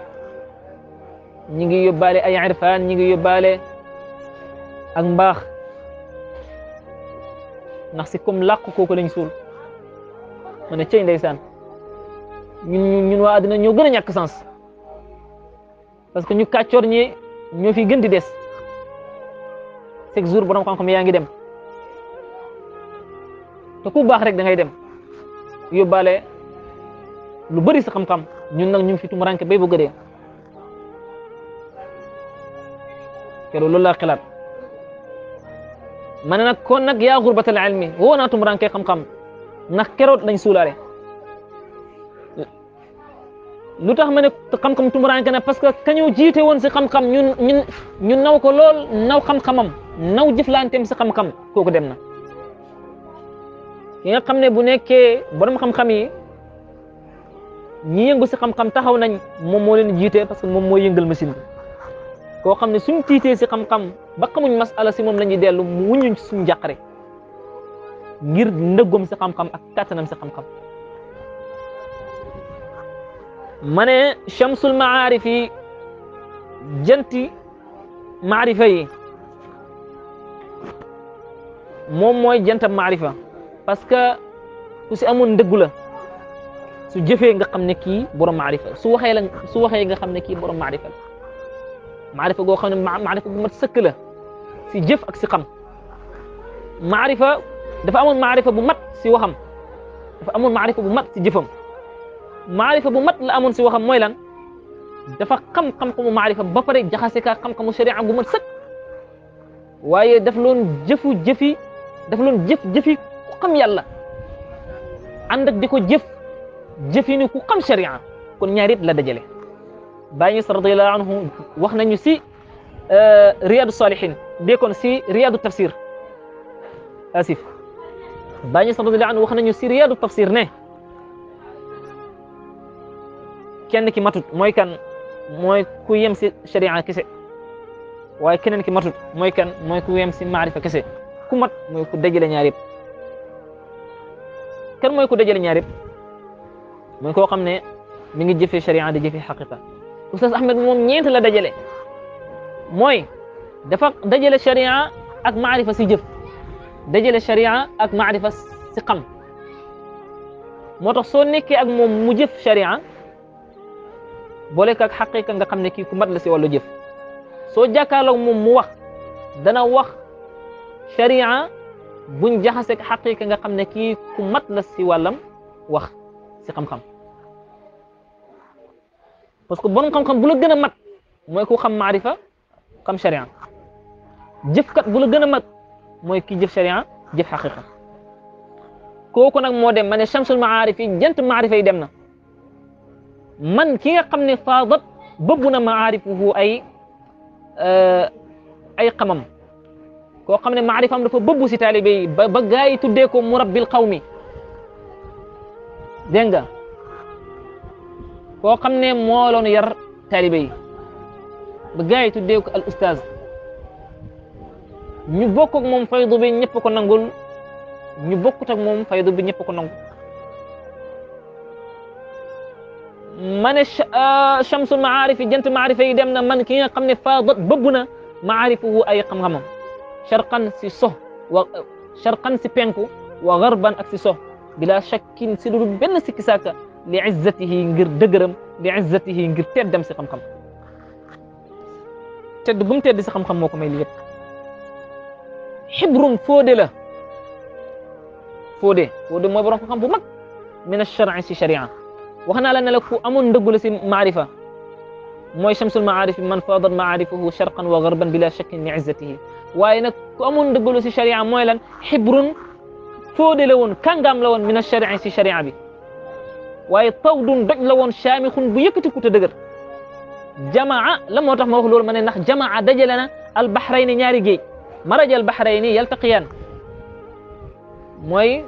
Speaker 1: ñu ngi yóbbaale ay irfaan ñu ngi yóbbaale ak mbaax ndax si comme làq kooku lañ suul ma ne cey ndeysaan ñu ñun waa àddina ñoo gën a ñàkk sens parce que ñu kàccoor ñi ñoo fi gën di des chaque jour borom xam-xam yaa ngi dem te ku baax rek da dem yóbbaale lu bëri sa xam-xam ñun nag ñu ngi fi tumuranke bay bu a dee keroog loolu laa xalaat ma ne nag kon nag yaa gurbatal ilmi woo naa tumuraanke xam-xam ndax keroot lañ suulaale lu tax ma ne xam-xam tumuraanke na parce que kañu jiite woon si xam-xam ñun ñun ñu naw ko lool naw xam-xamam naw jëflanteem si xam-xam kooku dem na ki nga xam ne bu nekke borom xam-xam yi ñi yëngu si xam-xam taxaw nañ moom moo leen jiite parce que moom moo yëngal machine bi koo xam ne suñ tiitee si xam-xam ba xamuñ masala si moom la ñuy dellu mu wuñuñ ci suñ njàqare ngir ndëggoom si xam-xam ak kàttanam si xam-xam ma ne chamsul maarif yi janti maarifa yi moom mooy jantab maarifa parce que ku si amul ndëggu la su jëfee nga xam ne kii borom maarifa su waxee la su waxee nga xam ne kii borom maarifa معرفة جو خان معرفة جو متسكلة سي جيف أك سي معرفة دفع أمون معرفة بمت سي وهم دفع أمون معرفة بمت سي جيفهم معرفة بمت لأمون سي وهم ميلان دفع كم كم كم معرفة بفرق جهازك كم كم شريعة جو متسك waye daf loon jëfu jëfi daf loon jëf jëfi ku xam yàlla ànd ak di ko jëf jëfini ku xam sharia kon ñaar it la بانيس رضي الله عنه وخنا نسي آه، رياض الصالحين بيكون سي رياض التفسير اسف بانيس رضي الله عنه وخنا نسي رياض التفسير نه كان كي ماتوت موي كان موي كو يمسي شريعه كسي واي كنن كي ماتوت موي كان موي كو يمسي معرفه كسي كو مات موي كو دجي لا نياريب كان موي كو دجي لا نياريب موي كو خامني ميغي جيفي شريعه حقيقه oustaz Ahmed moom ñeent la dajale mooy dafa dajale sharia ak maarifa si jëf dajale sharia ak maarifa si xam moo tax soo nekkee ak moom mu jëf sharia boole ko ak xaqiqa nga xam ne kii ku mat la si wàllu jëf soo jàkkaarloog moom mu wax dana wax sharia buñ jaxaseeg xaqiqa nga xam ne kii ku mat la si wàllam wax si xam-xam باسكو بون خام خام بولا گنا مات موي كو خام معرفه كم شريعه جيف كات بولا گنا مات موي كي جيف شريعه جيف حقيقه كوكو نك مو ديم ماني شمس المعارف جنت معرفه اي من كي خامني فاضت ببنا معارفه اي آه، اي قمم كو خامني معرفه ام دافو ببو سي طالبي با غاي مربي القومي دينغا koo xam ne moo loon yar taalibe yi ba gars yi tuddee ko al ustaaz ñu bokk ak moom faydu bi ñëpp ko nangul ñu bokkut ak moom faydu bi ñëpp ko nangul ma ne chamsul maarif yi jant maarifa yi dem na man ki nga xam ne faadat bëbb na maarifuhu ay xam-xamam charqan si sox wa charqan si penku wa garban ak si sox bila shakkin si lu benn sikki sàkka لعزته غير دغرم لعزته غير تدم سي خم خم تد غم تد سي خم خم موكو ماي ليت حبر فود لا فود فود مو بروم خم بو مك من الشرع سي شريعه وخنا لا نلكو امون دغول سي معرفه موي شمس المعارف من فاضت معارفه شرقا وغربا بلا شك لعزته واي امون دغول سي شريعه موي لان حبر فود لون كانغام لون من الشرع سي شريعه بي waye taw dun la won shamikhun bu yëkkatiku te deugar jamaa la motax ma wax lolou mané nax jamaa dajale al albaxrayni ñaari géej marajal albaxrayni yaltaqiyan moy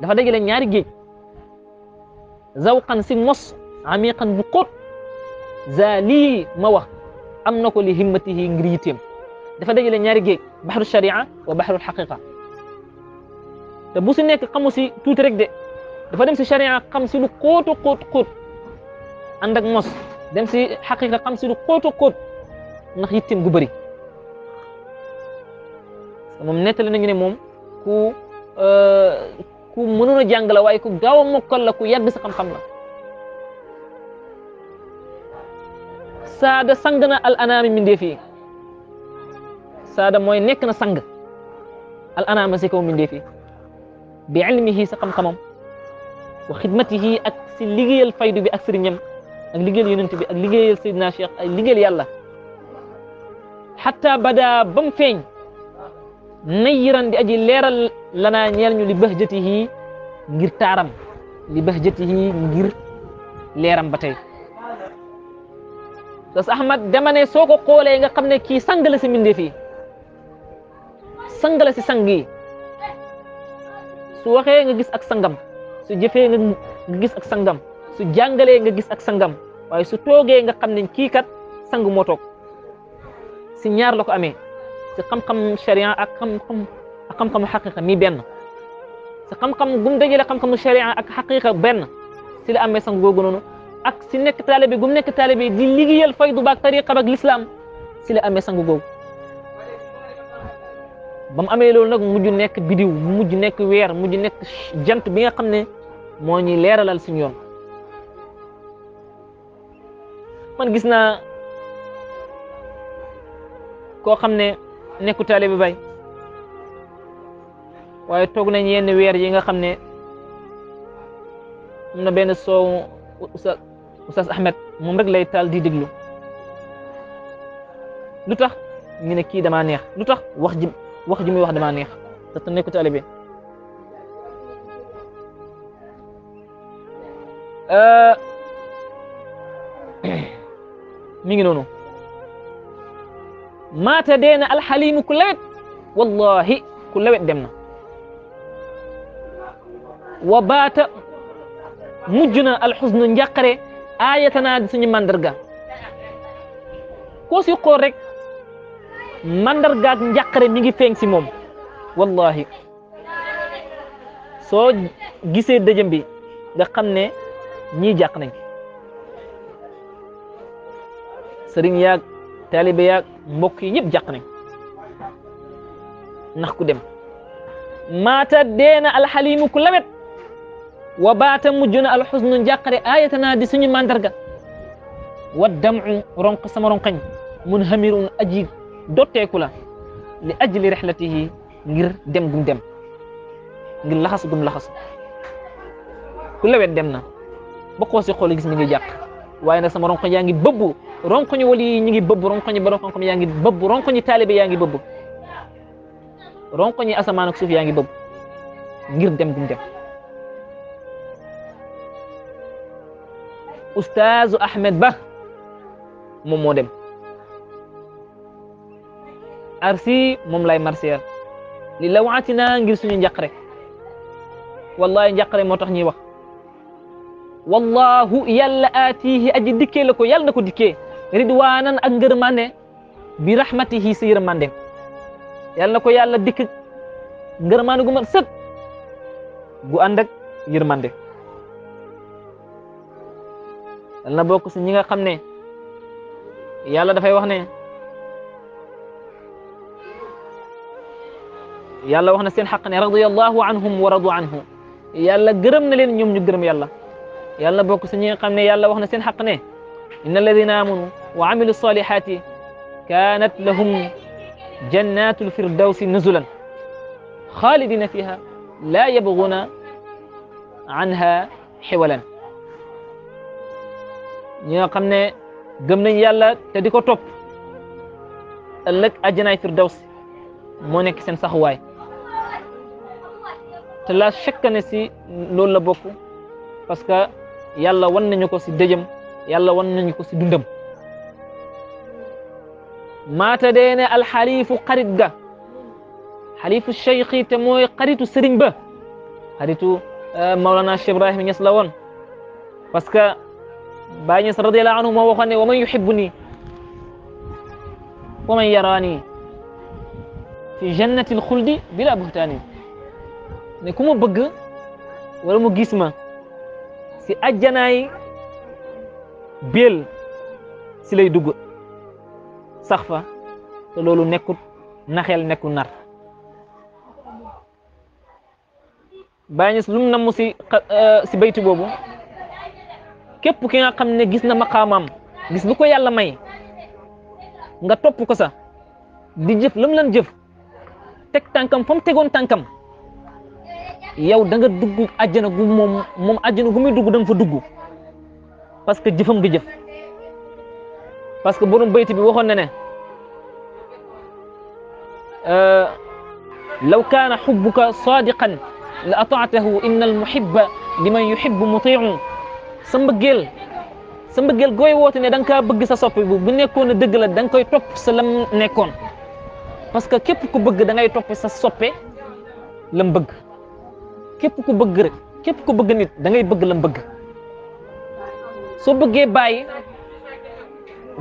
Speaker 1: dafa dajale ñaari géej zawqan si mos amiqan bu qut zali ma wax amna ko li himmatihi ngir yitem dafa dajale ñaari géej bahru sharia wa bahru al haqiqa te bu si nek xamusi tout rek de dafa dem si charia xam si lu kóotu kóot kóot ànd ak mos dem si xaqiqa xam si lu kóotu kóot ndax yittim gu bari moom nettali nañu ne moom ku euh, ku mënoon a jàng la waaye ku gaaw a mokkal la ku yàgg sa xam-xam la saada sang na al anaami mindee fi saada mooy nekk na sang al anaama si kaw mindee fii bi ilmihi sa xam-xamam wa khidmatihi ak si liggéeyal faydu bi ak serignam ak liggéeyal yonent bi ak liggéeyal sayidina cheikh ay liggéeyal yalla hatta bada bam feñ nayran di aji leral lana ñeel ñu li bahjatihi ngir taram li bahjatihi ngir leram batay tey ahmad dama ne soo ko nga xamne ki kii sang la si mbindee fii sang la su waxe nga gis ak sangam su jëfee nga gis ak sangam su jàngalee nga gis ak sangam waaye su toogee nga xam ne kii kat sangu moo toog si ñaar la ko amee si xam-xam sharia ak xam-xam ak xam-xamu xaqiqa mi benn si xam-xam gum dajale xam-xamu sharia ak xaqiqa benn si la amee sang googu noonu ak si nekk taalibe gum nekk taalibe di liggéeyal faydu baak tariqa baak lislaam si la amee sangu googu ba amee loolu nag mujj nekk bidiw mujj nekk weer mujj nekk jant bi nga xam ne moo ñuy leeralal suñu yoon man gis naa koo xam ne nekku taalibe bay waaye toog na yenn weer yi nga xam ne am na benn soow Oustaz Oustaz Ahmed moom rek lay taal di déglu lu tax ne kii damaa neex lu tax wax wax ji muy wax damaa neex te nekku taalibe mi ngi noonu maata dee na alxalimu ku lawet wallahi ku lawet dem na wa baata mujj na alxusnu njàqare aayatana di suñu mandarga koo si xool rek Mandar gaak njaqare mi ngi feeñ ci mom wallahi So gisee dejeem bi nga xamne ne jaq nañ serigne yaag talibe yaag mbokk yi ñep jaq nañ nax ku dem mata deena halim ku lamet wa bata mujuna al huzn njaqare ayatana di suñu mandarga wa damu ronk sama ronkañ munhamirun ajib dot la li ajli rihlatihi ngir dem gum dem ngir laxas gum laxas ku lewet dem na ba ko si xol gis ni ngi jàq waye nak sama ronko yaangi ngi ronko ronkoñ wali yi ngi ngi ronko ronkoñ ba ronkoñ yaangi ngi ronko ronkoñ taalibe yaangi ngi ronko ronkoñ asaman ak suuf yaangi ngir dem gum dem ustaz Ahmed Ba mom mo dem arsi mom lay marsiya li lawatina ngir suñu njaqare wallahi njaqare motax ñi wax wallahu yalla atihi aji dikke lako yalla nako dikke ridwanan ak mané bi rahmatihi sir yërmande yalla nako yalla dik ngeur ngërmande gu mat sëg gu andak yir mande Yalla bokku bokk ñi nga xam yalla da fay wax ne يلا وهنا سين حقا رضي الله عنهم ورضوا عنه يلا قرمنا لين يوم نقرم يلا يلا بوكو سني قمنا يلا وهنا سين حقنا ان الذين امنوا وعملوا الصالحات كانت لهم جنات الفردوس نزلا خالدين فيها لا يبغون عنها حولا ñi nga xam ne gëm nañ yàlla te di ko topp ëllëg te la chaque ne si loolu la bokk parce que yàlla won nañu ko ci dëjëm yàlla won nañu ko ci dundam mata deene al alxalifu xarit ga xalifu shaykh te moy qaritu serigne ba xaritu maulana cheikh ibrahima ñes la woon parce que ba ñes radiallahu anhu moo waxoon ne wa man yuhibu nii wa fi jannati alxuldi bila buhtaanin ne ku ma bëgg wala mu gis ma si ajjanaay béel si lay dugg sax fa te loolu nekkut naxeel nekkul nar bàyyi ñes lum namm si euh, si bayti boobu képp ki nga xam ne gis na ma maqaamam gis lu ko yàlla may nga topp ko sa di jëf lam lan jëf teg tànkam fa mu tegoon tànkam yow da nga dugg àjjana gu moom moom àjjana gu muy dugg da nga fa dugg parce que jëfam nga jëf parce que borom bayti bi waxoon na ne euh, law kaana xubbuka saadiqan la ataatahu inna al muhibba liman yuhibbu mutiun sa mbëggeel sa mbëggeel gooy woote ne da nga kaa bëgg sa soppi bu bu nekkoon ne dëgg la da koy topp sa lam nekkoon parce que képp ku bëgg da ngay topp sa soppe lam bëgg képp ku bëgg rek képp ku bëgg nit da ngay bëgg lam bëgg soo bëggee bàyyi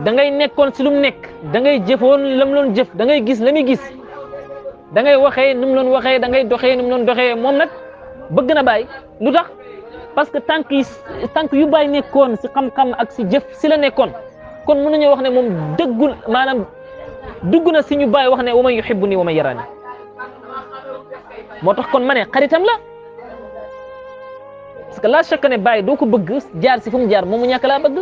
Speaker 1: da ngay nekkoon si lu mu nekk da ngay jëfoon lam loon jëf da ngay gis la muy gis da ngay waxee ni mu loon waxee da ngay doxee ni mu loon doxee moom nag bëgg na bàyyi lu tax parce que tànk yu bàyyi nekkoon si xam-xam ak si jëf si la nekkoon kon mu mën nañoo wax ne moom dëggul maanaam dugg na si ñu bàyyi wax ne wa man yuhibbu nii wa yaraani moo tax kon ma ne xaritam la parce que la chaque ne baay doo ko bëgg jaar si fu jaar moom mu ñàkk laa bëgg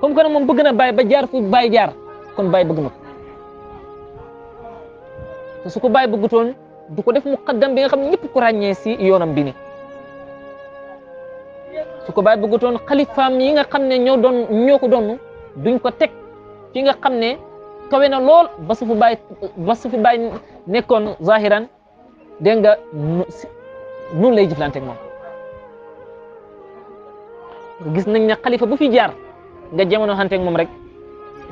Speaker 1: comme que ne moom bëgg na bàyyi ba jaar fu bàyyi jaar kon bàyyi bëgg na ko te su ko bàyyi bëggutoon du ko def muqaddam bi nga xam ne ñëpp ko ràññee si yoonam bi ni su ko bàyyi bëggutoon yi nga xam ne ñoo doon ñoo ko doon duñ ko teg fi nga xam ne kawe na lool ba su fi nekkoon zahiran dégg nga noonu lay jëflante ak moom gis nañ ne xalifa bu fi jaar nga jamono xanteeg moom rek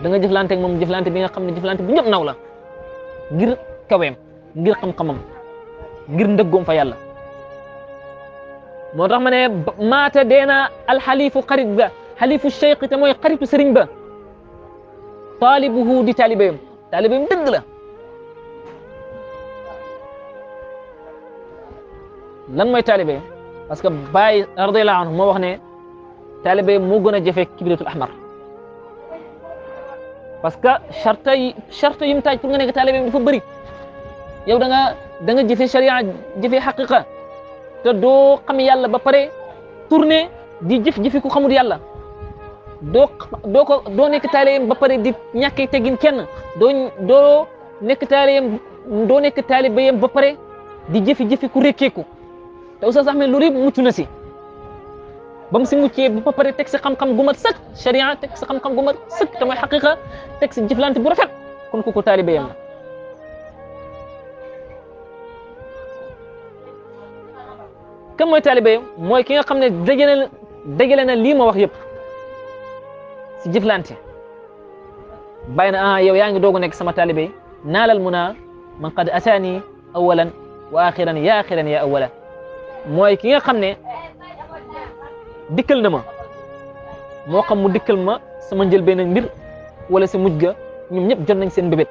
Speaker 1: da nga jëflanteeg moom jëflante bi nga xam ne jëflante bu ñëpp naw la ngir kaweem ngir xam-xamam ngir ndëggoom fa yàlla moo tax ma ne maata deena alxalifu xarit ba xalifu cheikh te mooy xaritu sëriñ ba taalibuhu di taalibayam taalibayam dëgg lan mooy taalibayam parce Baay radiyallahu anhu moo wax ne taalibe moo gën a jafe kibritul ahmar parce que charte yi yi mu taaj pour nga nekk taalibe dafa bëri yow da nga da nga jëfe sharia jëfe xaqiqa te doo xam yàlla ba pare tourné di jëf jëfi ku xamul yàlla doo ko doo nekk taalibeem ba pare di ñàkkee teggin kenn doo doo nekk taalibeem doo nekk taalibeem ba pare di jëfi jëfi ku rekkeeku te Oustaz Ahmed loolu yëpp mucc na si بام سي موتي با باري تاكسي قمقم قمر سك شريعه تاكسي قمقم قمر سك كما حقيقه تاكسي تجي فلان تبو رفيق كون كوكو تالي بيما كم موي تالي بيما موي كيغا خامني دجال دجال انا لي ما واخ ييب سي جي فلان اه يو ياغي دوغو نيك سما تالي بي نال المنى من قد اتاني اولا واخرا يا اخرا يا اولا موي كيغا خامني dikkal na ma moo xam mu dikkal ma sama njël benn mbir wala sa mujj ga ñoom ñëpp jot nañ seen bébét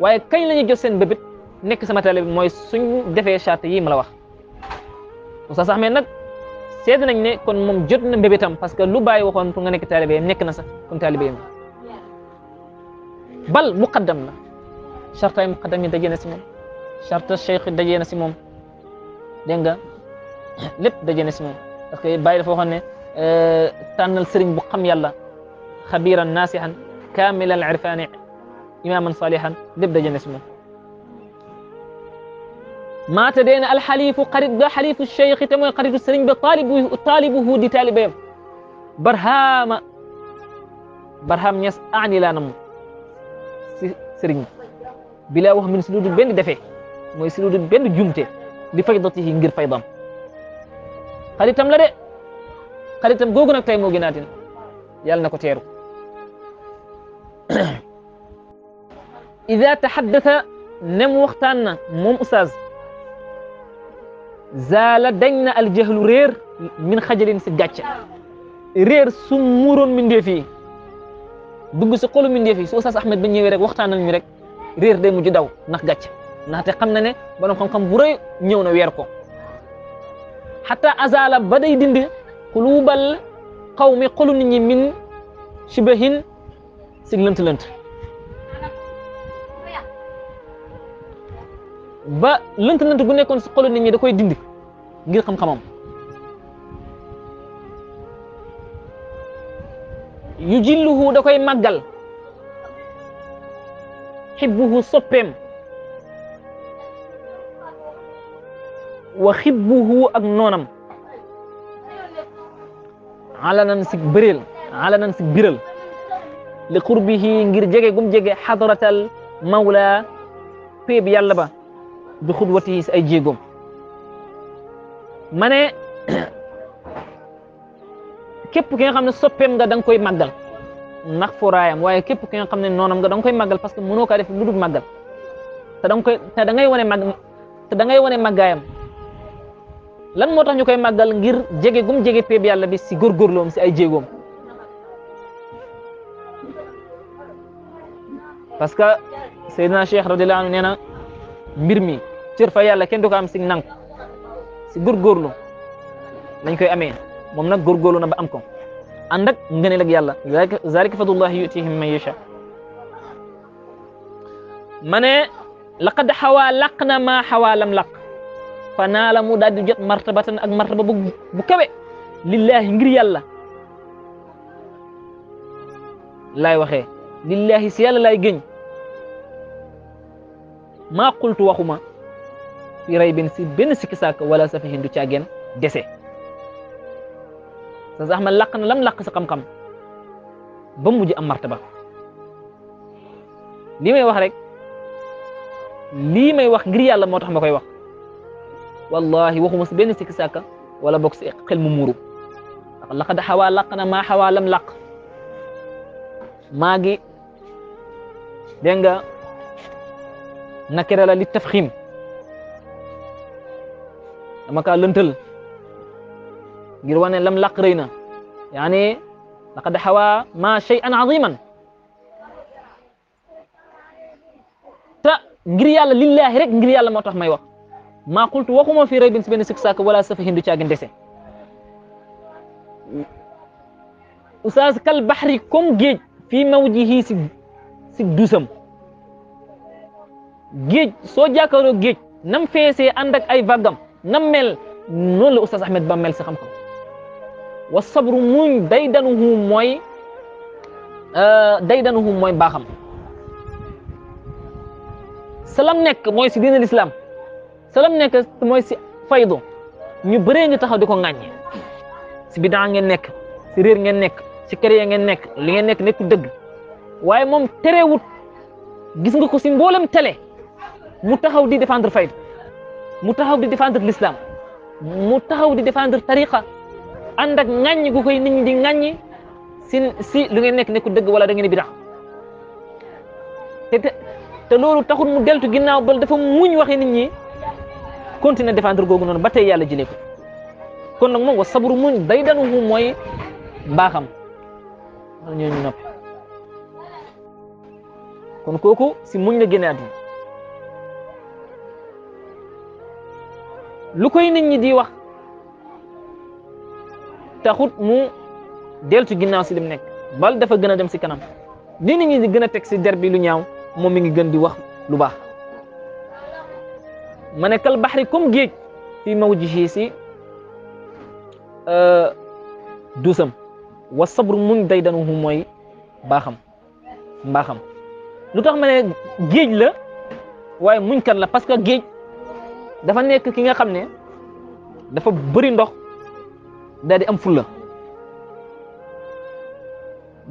Speaker 1: waaye kañ la ñuy jot seen bébét nekk sama taale bi mooy suñ defee charte yi ma la wax Oustaz Ahmed nag seet nañ ne kon moom jot na mbébétam parce que lu bàyyi waxoon pour nga nekk taalibeem nekk na sax kon taalibeem bal muqaddam na charta muqaddam yi dajee na si moom charta cheikh dajee na si moom dégg nga lépp dajee na si moom parce que bàyyi dafa ne تان السرين بقم يلا خبيرا ناسحا كاملا العرفان اماما صالحا دبدا جن اسمه ما تدين الحليف قريب دو حليف الشيخ تمو قريب السرين بطالب طالبه دي طالب برهام برهام يس اعني لا نم سرين بلا وهم من سدود بين دفي مو سدود بين جمته دي فيضته غير فيضام خلي تملا xaritam googu nag tey moo gënaatin yàlla na ko teeru ida taxaddata nem waxtaan na moom oustaz zaala dañ na aljahlu min xajalin si gàcca réer su muuroon mindeef yi dugg si xolu mindeef yi su oustaz Ahmed ba ñëwee rek waxtaanal ñu rek réer day mujj daw ndax gàcca ndaxte xam ne borom xam-xam bu rëy ñëw na weer ko xata azala ba day dindi xuluubal qawmi xolu nit ñi min shibahin si lënt lënt ba lënt lënt gu nekkoon si xolu nit ñi da koy dindi ngir xam-xamam yu da koy màggal xibbuhu soppeem wa xibbuhu ak noonam alanan si bëreel alanan si biral li qurbihi ngir jege gum jege xadaratal mawla péeb yàlla ba bi xudwatihi ay jéegoom ma ne *clears throat* képp ki nga xam ne soppeem nga da koy màggal ndax furaayam waaye képp ki nga xam ne noonam nga da nga koy màggal parce que mënoo kaa def lu dul màggal te da nga koy te da wane màgg te màggaayam lan moo tax ñu koy màggal ngir jege gum jege péeb yàlla bi si góorgóorloom si ay jéegoom parce que Seydina Cheikh radiyallahu anhu nee na mbir mi cër yàlla kenn du ko am si nank si góorgóorlu lañ koy amee moom nag góorgóorlu na ba am ko ànd ak ngëneel ak yàlla zalika fadlullahi yutihim man yasha ma ne laqad xawaa laq na maa xawaa lam laq fanala mu daal jot martabatan ak martaba bu bu kawé lillahi ngir yalla lay waxé lillahi si yalla lay géñ ma qultu waxuma fi raybin bin si ben sikki wala safihin du tiagen dese sa sax ma na lam laq sa xam-xam ba mujj am martaba limay wax rek limay wax ngir yalla motax makoy wax والله وخمس بين سكساكا ولا بوكس قلم مورو لقد حوا لقنا ما حوا لم لق ماجي دينغا نكرالا للتفخيم لما قال لنتل جروان لم لق رينا يعني لقد حوا ما شيئا عظيما تا غريال لله رك غريال ما تخ ماي وقت ما قلت وخما في ريب بين سكساك ولا سفه هندو تشاغن ديسه استاذ كل بحر كوم جيج في موجه سي سي دوسم جيج سو جاكرو جيج نم فيسي عندك اي فاغام نم مل نول الاستاذ احمد بامل سي خمخم والصبر مون ديدنه موي ا آه، ديدنه موي باخم سلام نيك موي سي دين الاسلام salam nek moy si faydu ñu bëree ngi taxaw diko ko si bidaa ngeen nekk si réer ngeen nekk si kere nga nek li ngeen nek nekk dëgg mom téré terewut gis nga ko si mbolam télé mu taxaw di défendre faydu mu taxaw di défendre l'islam mu taxaw di défendre tariqa and ak ngagne gu koy nit di si si lu nga nek nek dëgg wala da ngeen bida te te lolu taxul mu deltu ginnaw bal dafa muñ waxe nit ñi continue défendre gogou non batay yalla yàlla ko kon nak moom wa sabru muñ day danu hu mooy ñoo ñu nop kon koku si muñ la génne lu koy nit ñi di wax taxut mu deltu ginnaw si lim nek bal dafa gëna dem si kanam di nit ñi di gën a si der lu ñaaw mom mi ngi gën di wax lu baax ma ne kal baxri comme géej fi mawjihi si euh, duusam wa sabru muñ day danuhu mooy baaxam mbaaxam lu tax ma ne géej la waaye muñ kan la parce que géej dafa nekk ki nga xam ne dafa bëri ndox daal di am fulla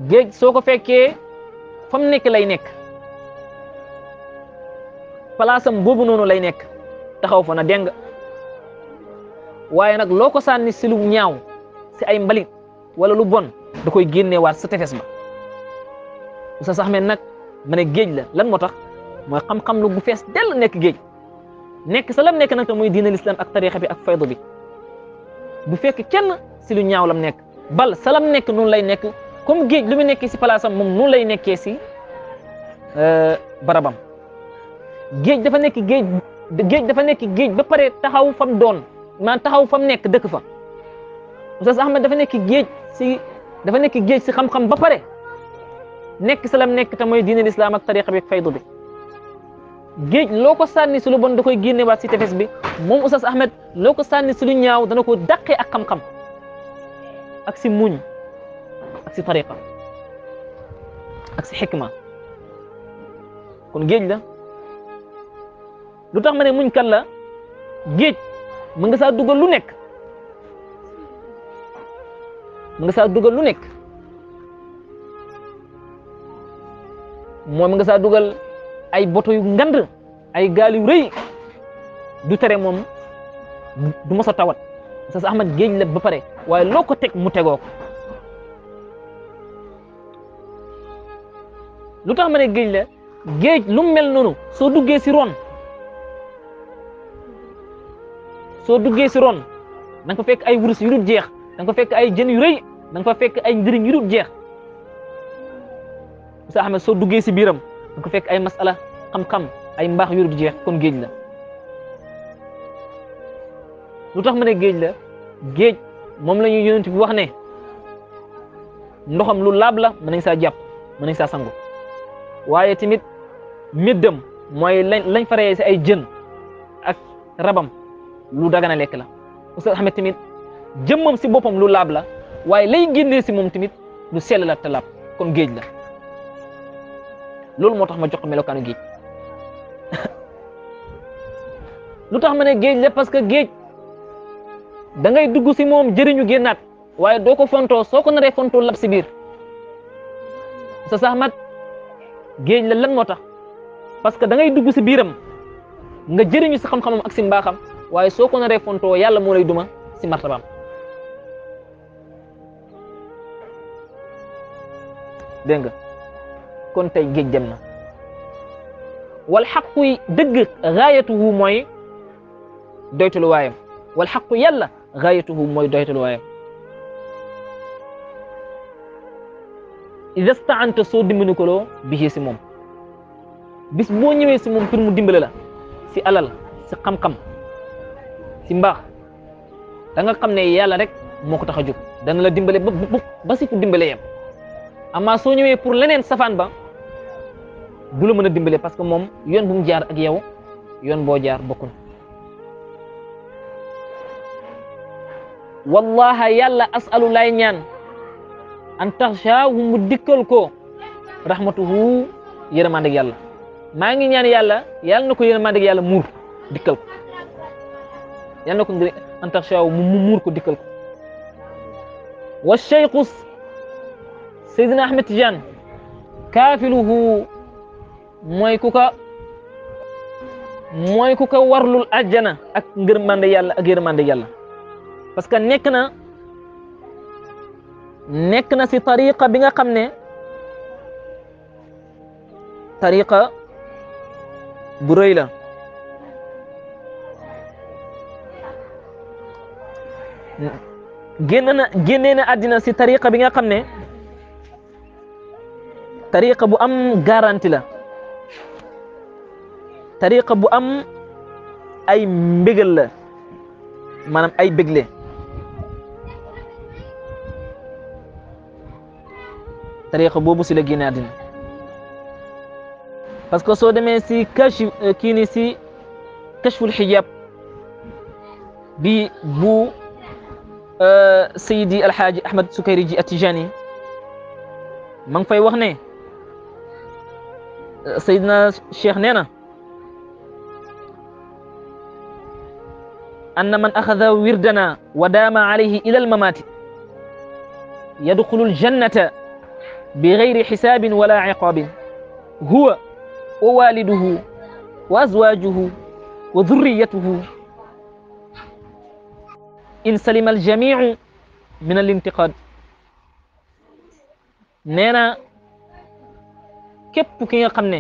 Speaker 1: géej soo ko fekkee fa nekk lay nekk palaasam boobu noonu lay nekk taxaw fa na deng waaye nag loo ko sànni si lu ñaaw si ay mbalit wala lu bon da koy génneewaat sa tefes ma sa sax Ahmed nag ma ne géej la lan moo tax mooy xam-xam lu gu fees dell nekk géej nekk sa lam nekk nag te muy diina l'islam ak tarixa bi ak faydu bi bu fekk kenn si lu ñaaw lam nekk bal sa lam nekk noonu lay nekk kom géej lu mu nekkee si palaasam moom noonu lay nekkee si euh, barabam géej dafa nekk géej géej dafa nekk géej ba pare taxaw fam doon maanaam taxaw fam nekk dëkk fa Oustaz Ahmad dafa nekk géej si dafa nekk géej si xam-xam ba pare nekk salam nekk te mooy diine lislaam ak tariqa bi faydu bi géej loo ko sànni si lu bon da koy génnewaat si tefes bi moom Oustaz Ahmad loo ko sànni si lu ñaaw dana ko dàqee ak xam-xam ak si muñ ak si tariqa ak si xikma kon géej la lu tax ma ne muñ kat la géej mën nga saa dugal lu nekk mën nga saa dugal lu nekk mooy mën nga saa dugal ay boto yu ngand ay gaal yu rëy du tere moom du mos a tawat sas Ahmad géej la ba pare waaye loo ko teg mu tegoo ko lu tax ma ne géej la géej lu mel noonu soo duggee si ron so duggé ci ron da fa fekk ay wurus yu dut jeex da fa fekk ay jeun yu reuy da fa fekk ay njëriñ yu dut jeex musa Ahmed so duggé ci biram fa fekk ay masala xam-xam ay mbax yu dut jeex kon geej la lu mané geej la geej mom lañu ñuy bi wax ne ndoxam lu lab la mané sa japp mané sa sangu waye timit middam moy lañ lañ faree ay jeun ak rabam lu dagana lekk la Oustaz Ahmed tamit jëmmam si boppam lu laab la waaye lay génnee si moom tamit lu sell la te laab kon géej la loolu moo tax ma jox ko melokaanu géej *laughs* lu tax ma ne géej la parce que géej da ngay dugg si moom jëriñu génnaat waaye doo ko fontoo soo ko naree fontoo lab si biir Oustaz Ahmed géej la lan moo tax parce que da ngay dugg si biiram nga jëriñu si xam-xamam ak si mbaaxam waaye soo ko naree fontoo yàlla moo lay duma si martabaam dégg kon tey géej na wal xaqu dëgg gaayatuhu mooy doytalu waayam wal xaqu yàlla gaayatuhu mooy doytalu waayam ida staanta soo dimbali ko loo bixii si moom bis boo ñëwee si moom pour mu dimbale la si alal si xam-xam ci tangga da nga xam ne yàlla rek moo ko tax a jóg dana la dimbale ba ba si fu dimbale yam ama soo ñëwee pour leneen safaan ba du la mën a dimbale parce que moom yoon bu mu jaar ak yow yoon jaar asalu lay ñaan an taxsha wu mu ko rahmatuhu yërëmandeg yàlla maa ngi ñaan yàlla yàlla na ko yërëmandeg yàlla mur, dikkal ko يلا نكون دري أنت خشى ومومور كديكل والشيخ سيدنا أحمد تجان كافله مايكوكا مايكوكا ورلو الأجنة أكبر من ديال أكبر من ديال بس كان نكنا نكنا في طريقة بين قمنا طريقة بريلا génn na génnee na àddina si tariqa bi nga xam ne tariqa bu am garanti la tariqa bu am ay mbégal la maanaam ay bégle tariqa boobu si la génne àddina parce que soo demee si kashf kii ni si kashful hijab bi bu أه، سيدي الحاج احمد سكيريجي التجاني من فاي وخني أه، سيدنا الشيخ نينا ان من اخذ وردنا ودام عليه الى الممات يدخل الجنه بغير حساب ولا عقاب هو ووالده وازواجه وذريته in salima al jamiu min al intiqad nee na képp ki nga xam ne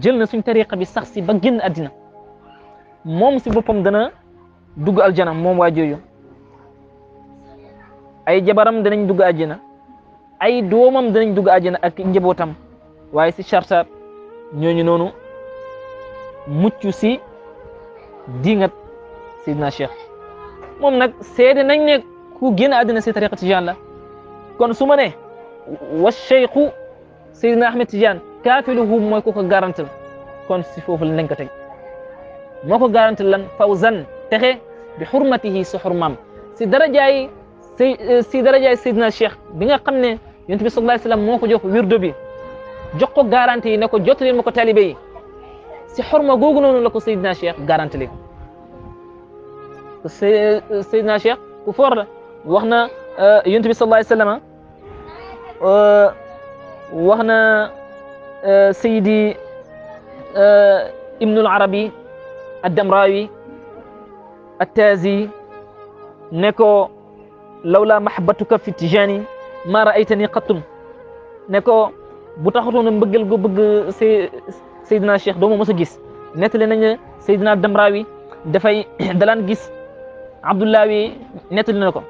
Speaker 1: jël na suñ tariqa bi sax si ba génn àddina moom si boppam dana dugg aljana moom waa jooju ay jabaram danañ dugg àjjana ay doomam danañ dugg àjjana ak njabootam waaye si charta ñooñu noonu mucc si dingat Seydina Cheikh moom nag seede nañ ne ku génn àddina si tariqa tijaan la kon su ma ne wa cheikhu na Ahmed Tijaan kaafiluhu mooy ko ko garantil kon si foofu lañ ko teg moo ko garantil lan fawzan texe bi xurmatihi si xurmaam si darajaay si si darajaay Seydina Cheikh bi nga xam ne yonent bi sallallahu alayhi moo ko jox wirdo bi jox ko garanti yi ne ko jottali ma ko talibe yi si xurma googu noonu la ko Seydina Cheikh garanti leen سيدنا شيخ كفر وحنا آه، ينتبه صلى الله عليه وسلم آه. آه، وحنا سيدي ابن العربي الدمراوي التازي نكو لولا محبتك في تجاني ما رأيتني قط نكو بتاخدون بقل جو بغ سي سيدنا الشيخ دومو مسا غيس نتلي سيدنا الدمراوي دا فاي دالان غيس abdullah wi nettali na ko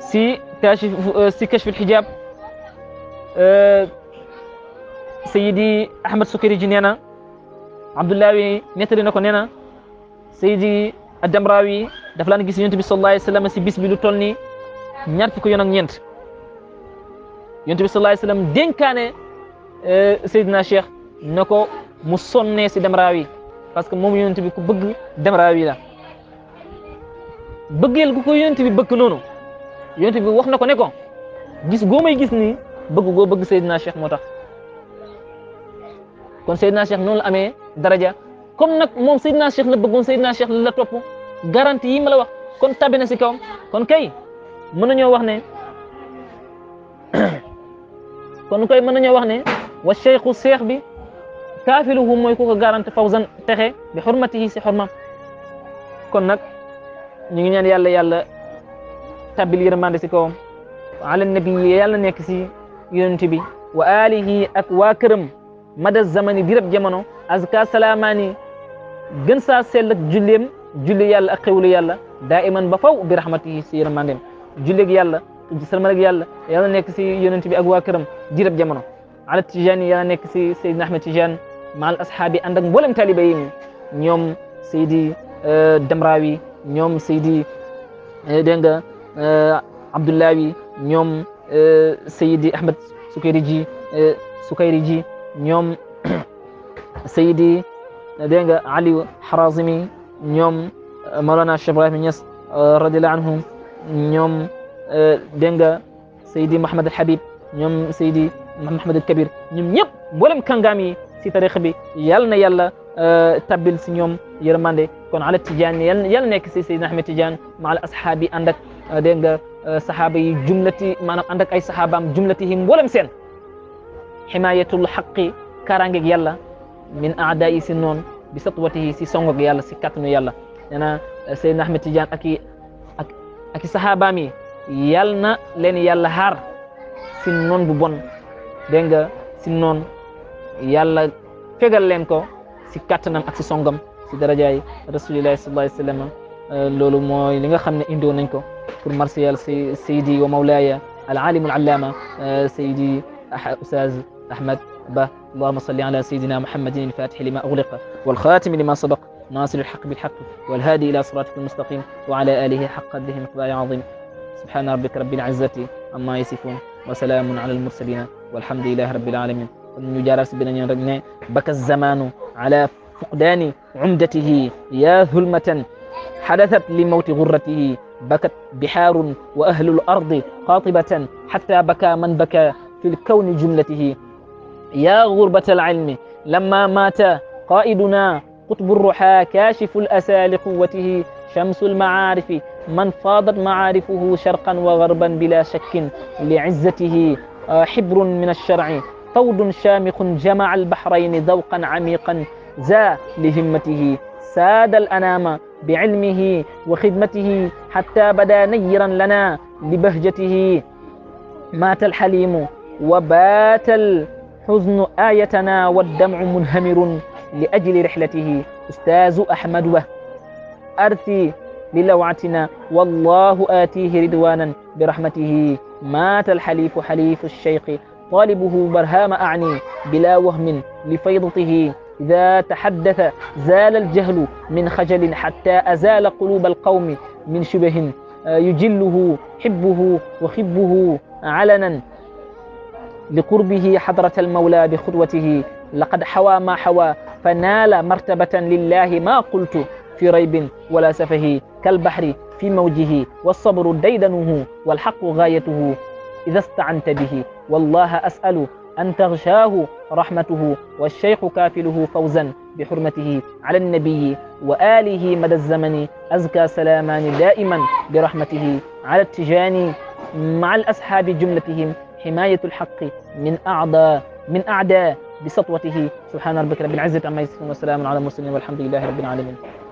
Speaker 1: si kashif si kashful hijab sayidi ahmad sukayrij nee na abdullah wi nettali na ko nee na sayidi addamrawi dafa laan gis yonent bi sallallahu alayhi wasallam si bis bi lu toll ni ñaar fukki yoon ak ñeent yonent bi sallallahu alayhi wasallam dénkaane sayidina cheikh na ko mu sonnee si demraawi parce que moom yonent bi ku bëgg demraawi la bëggeel gu ko yonent bi bëgg noonu yonent wax na ko ne ko gis goo may gis nii bëgg goo bëgg Seydina Cheikh moo tax kon Seydina Cheikh noonu la amee daraja comme nag moom Seydina Cheikh la bëggoon Seydina Cheikh la topp garantie yi ma la wax kon tabi na si kawam kon kay mën nañoo wax ne *coughs* kon koy mën nañoo wax ne wa cheikhu seex bi kaafiluhu mooy ku ko garanti fawzan texe bi xurmatihi si xormam kon nag ñu ngi ñaan yàlla yàlla tàbbil yërmande si kawam ala nabi yàlla nekk si yonent bi wa alihi ak waa këram mada zamani dirab jamono azka salaamaani gën saa sell ak julleem julli yàlla ak xewlu yàlla daa iman ba faw bi rahmatihi si yërmandeem julleeg yàlla salmal ak yàlla yàlla nekk si yonent bi ak waa këram dirab jamono ala tijani yàlla nekk si sayidina ahmed tijane maal ashaabi ànd ak mboolem taliba yi ñoom sayidi damrawi ñoom Seydi dégg nga Abdullahi ñoom Seydi Ahmed Sukayri ji Sukayri ji ñoom Seydi dégg nga Ali Harazimi ñoom Mawlana Cheikh Ibrahim Niass radiallahu anhum ñoom dégg nga Seydi Mohamed Al Habib ñoom Seydi Mohamed Al Kabir ñoom ñëpp mboolem kàngaam yi si tarixa bi yàlla na yàlla tabbil si ñoom Yermande, kon ala tijaan yal nek si sayyidina Ahmed Tijaan ma ala ashabi andak eh, de nga eh, sahaba yi jumlati manam andak ay sahabam jumlatihim wolam sen himayatul haqqi kaaraangeeg yalla min a'da'i yi si bi satwatihi si songo yalla, si katnu yalla nee eh, sayyidina Ahmed Tijaan ak ak sahabami yalna len yalla har na si bu bon de nga si non, yalla, fegal len ko si kàttanam ak si songam si darajaay rasulillah sallallahu alayhi wasallam euh, lolu moy li nga xamne ne nañ ko pour marsiyal si sayidi wa mawlaaya العالم العلامة سيدي أستاذ أحمد با اللهم صل على سيدنا محمد الفاتح لما أغلق والخاتم لما سبق ناصر الحق بالحق والهادي إلى صراطك المستقيم وعلى آله حق قدره مقدار عظيم سبحان ربك رب العزة عما يصفون وسلام على المرسلين والحمد لله رب العالمين ñu jaaral si beneen yoon rek ne zamanu ala فقدان عمدته يا ظلمة حدثت لموت غرته بكت بحار وأهل الأرض قاطبة حتى بكى من بكى في الكون جملته يا غربة العلم لما مات قائدنا قطب الرحى كاشف الأسى لقوته شمس المعارف من فاضت معارفه شرقا وغربا بلا شك لعزته آه، حبر من الشرع طود شامخ جمع البحرين ذوقا عميقا ذا لهمته ساد الأنام بعلمه وخدمته حتى بدا نيرا لنا لبهجته مات الحليم وبات الحزن آيتنا والدمع منهمر لأجل رحلته أستاذ أحمد أرثي للوعتنا والله آتيه رضوانا برحمته مات الحليف حليف الشيخ طالبه برهام أعني بلا وهم لفيضته إذا تحدث زال الجهل من خجل حتى أزال قلوب القوم من شبه آه، يجله حبه وخبه علنا لقربه حضرة المولى بخطوته لقد حوى ما حوى فنال مرتبة لله ما قلت في ريب ولا سفه كالبحر في موجه والصبر ديدنه والحق غايته إذا استعنت به والله أسأل أن تغشاه رحمته والشيخ كافله فوزا بحرمته على النبي وآله مدى الزمن أزكى سلامان دائما برحمته على التجاني مع الأصحاب جملتهم حماية الحق من أعداء من أعداء بسطوته سبحان ربك رب العزة عما يصفون وسلام على المرسلين والحمد لله رب العالمين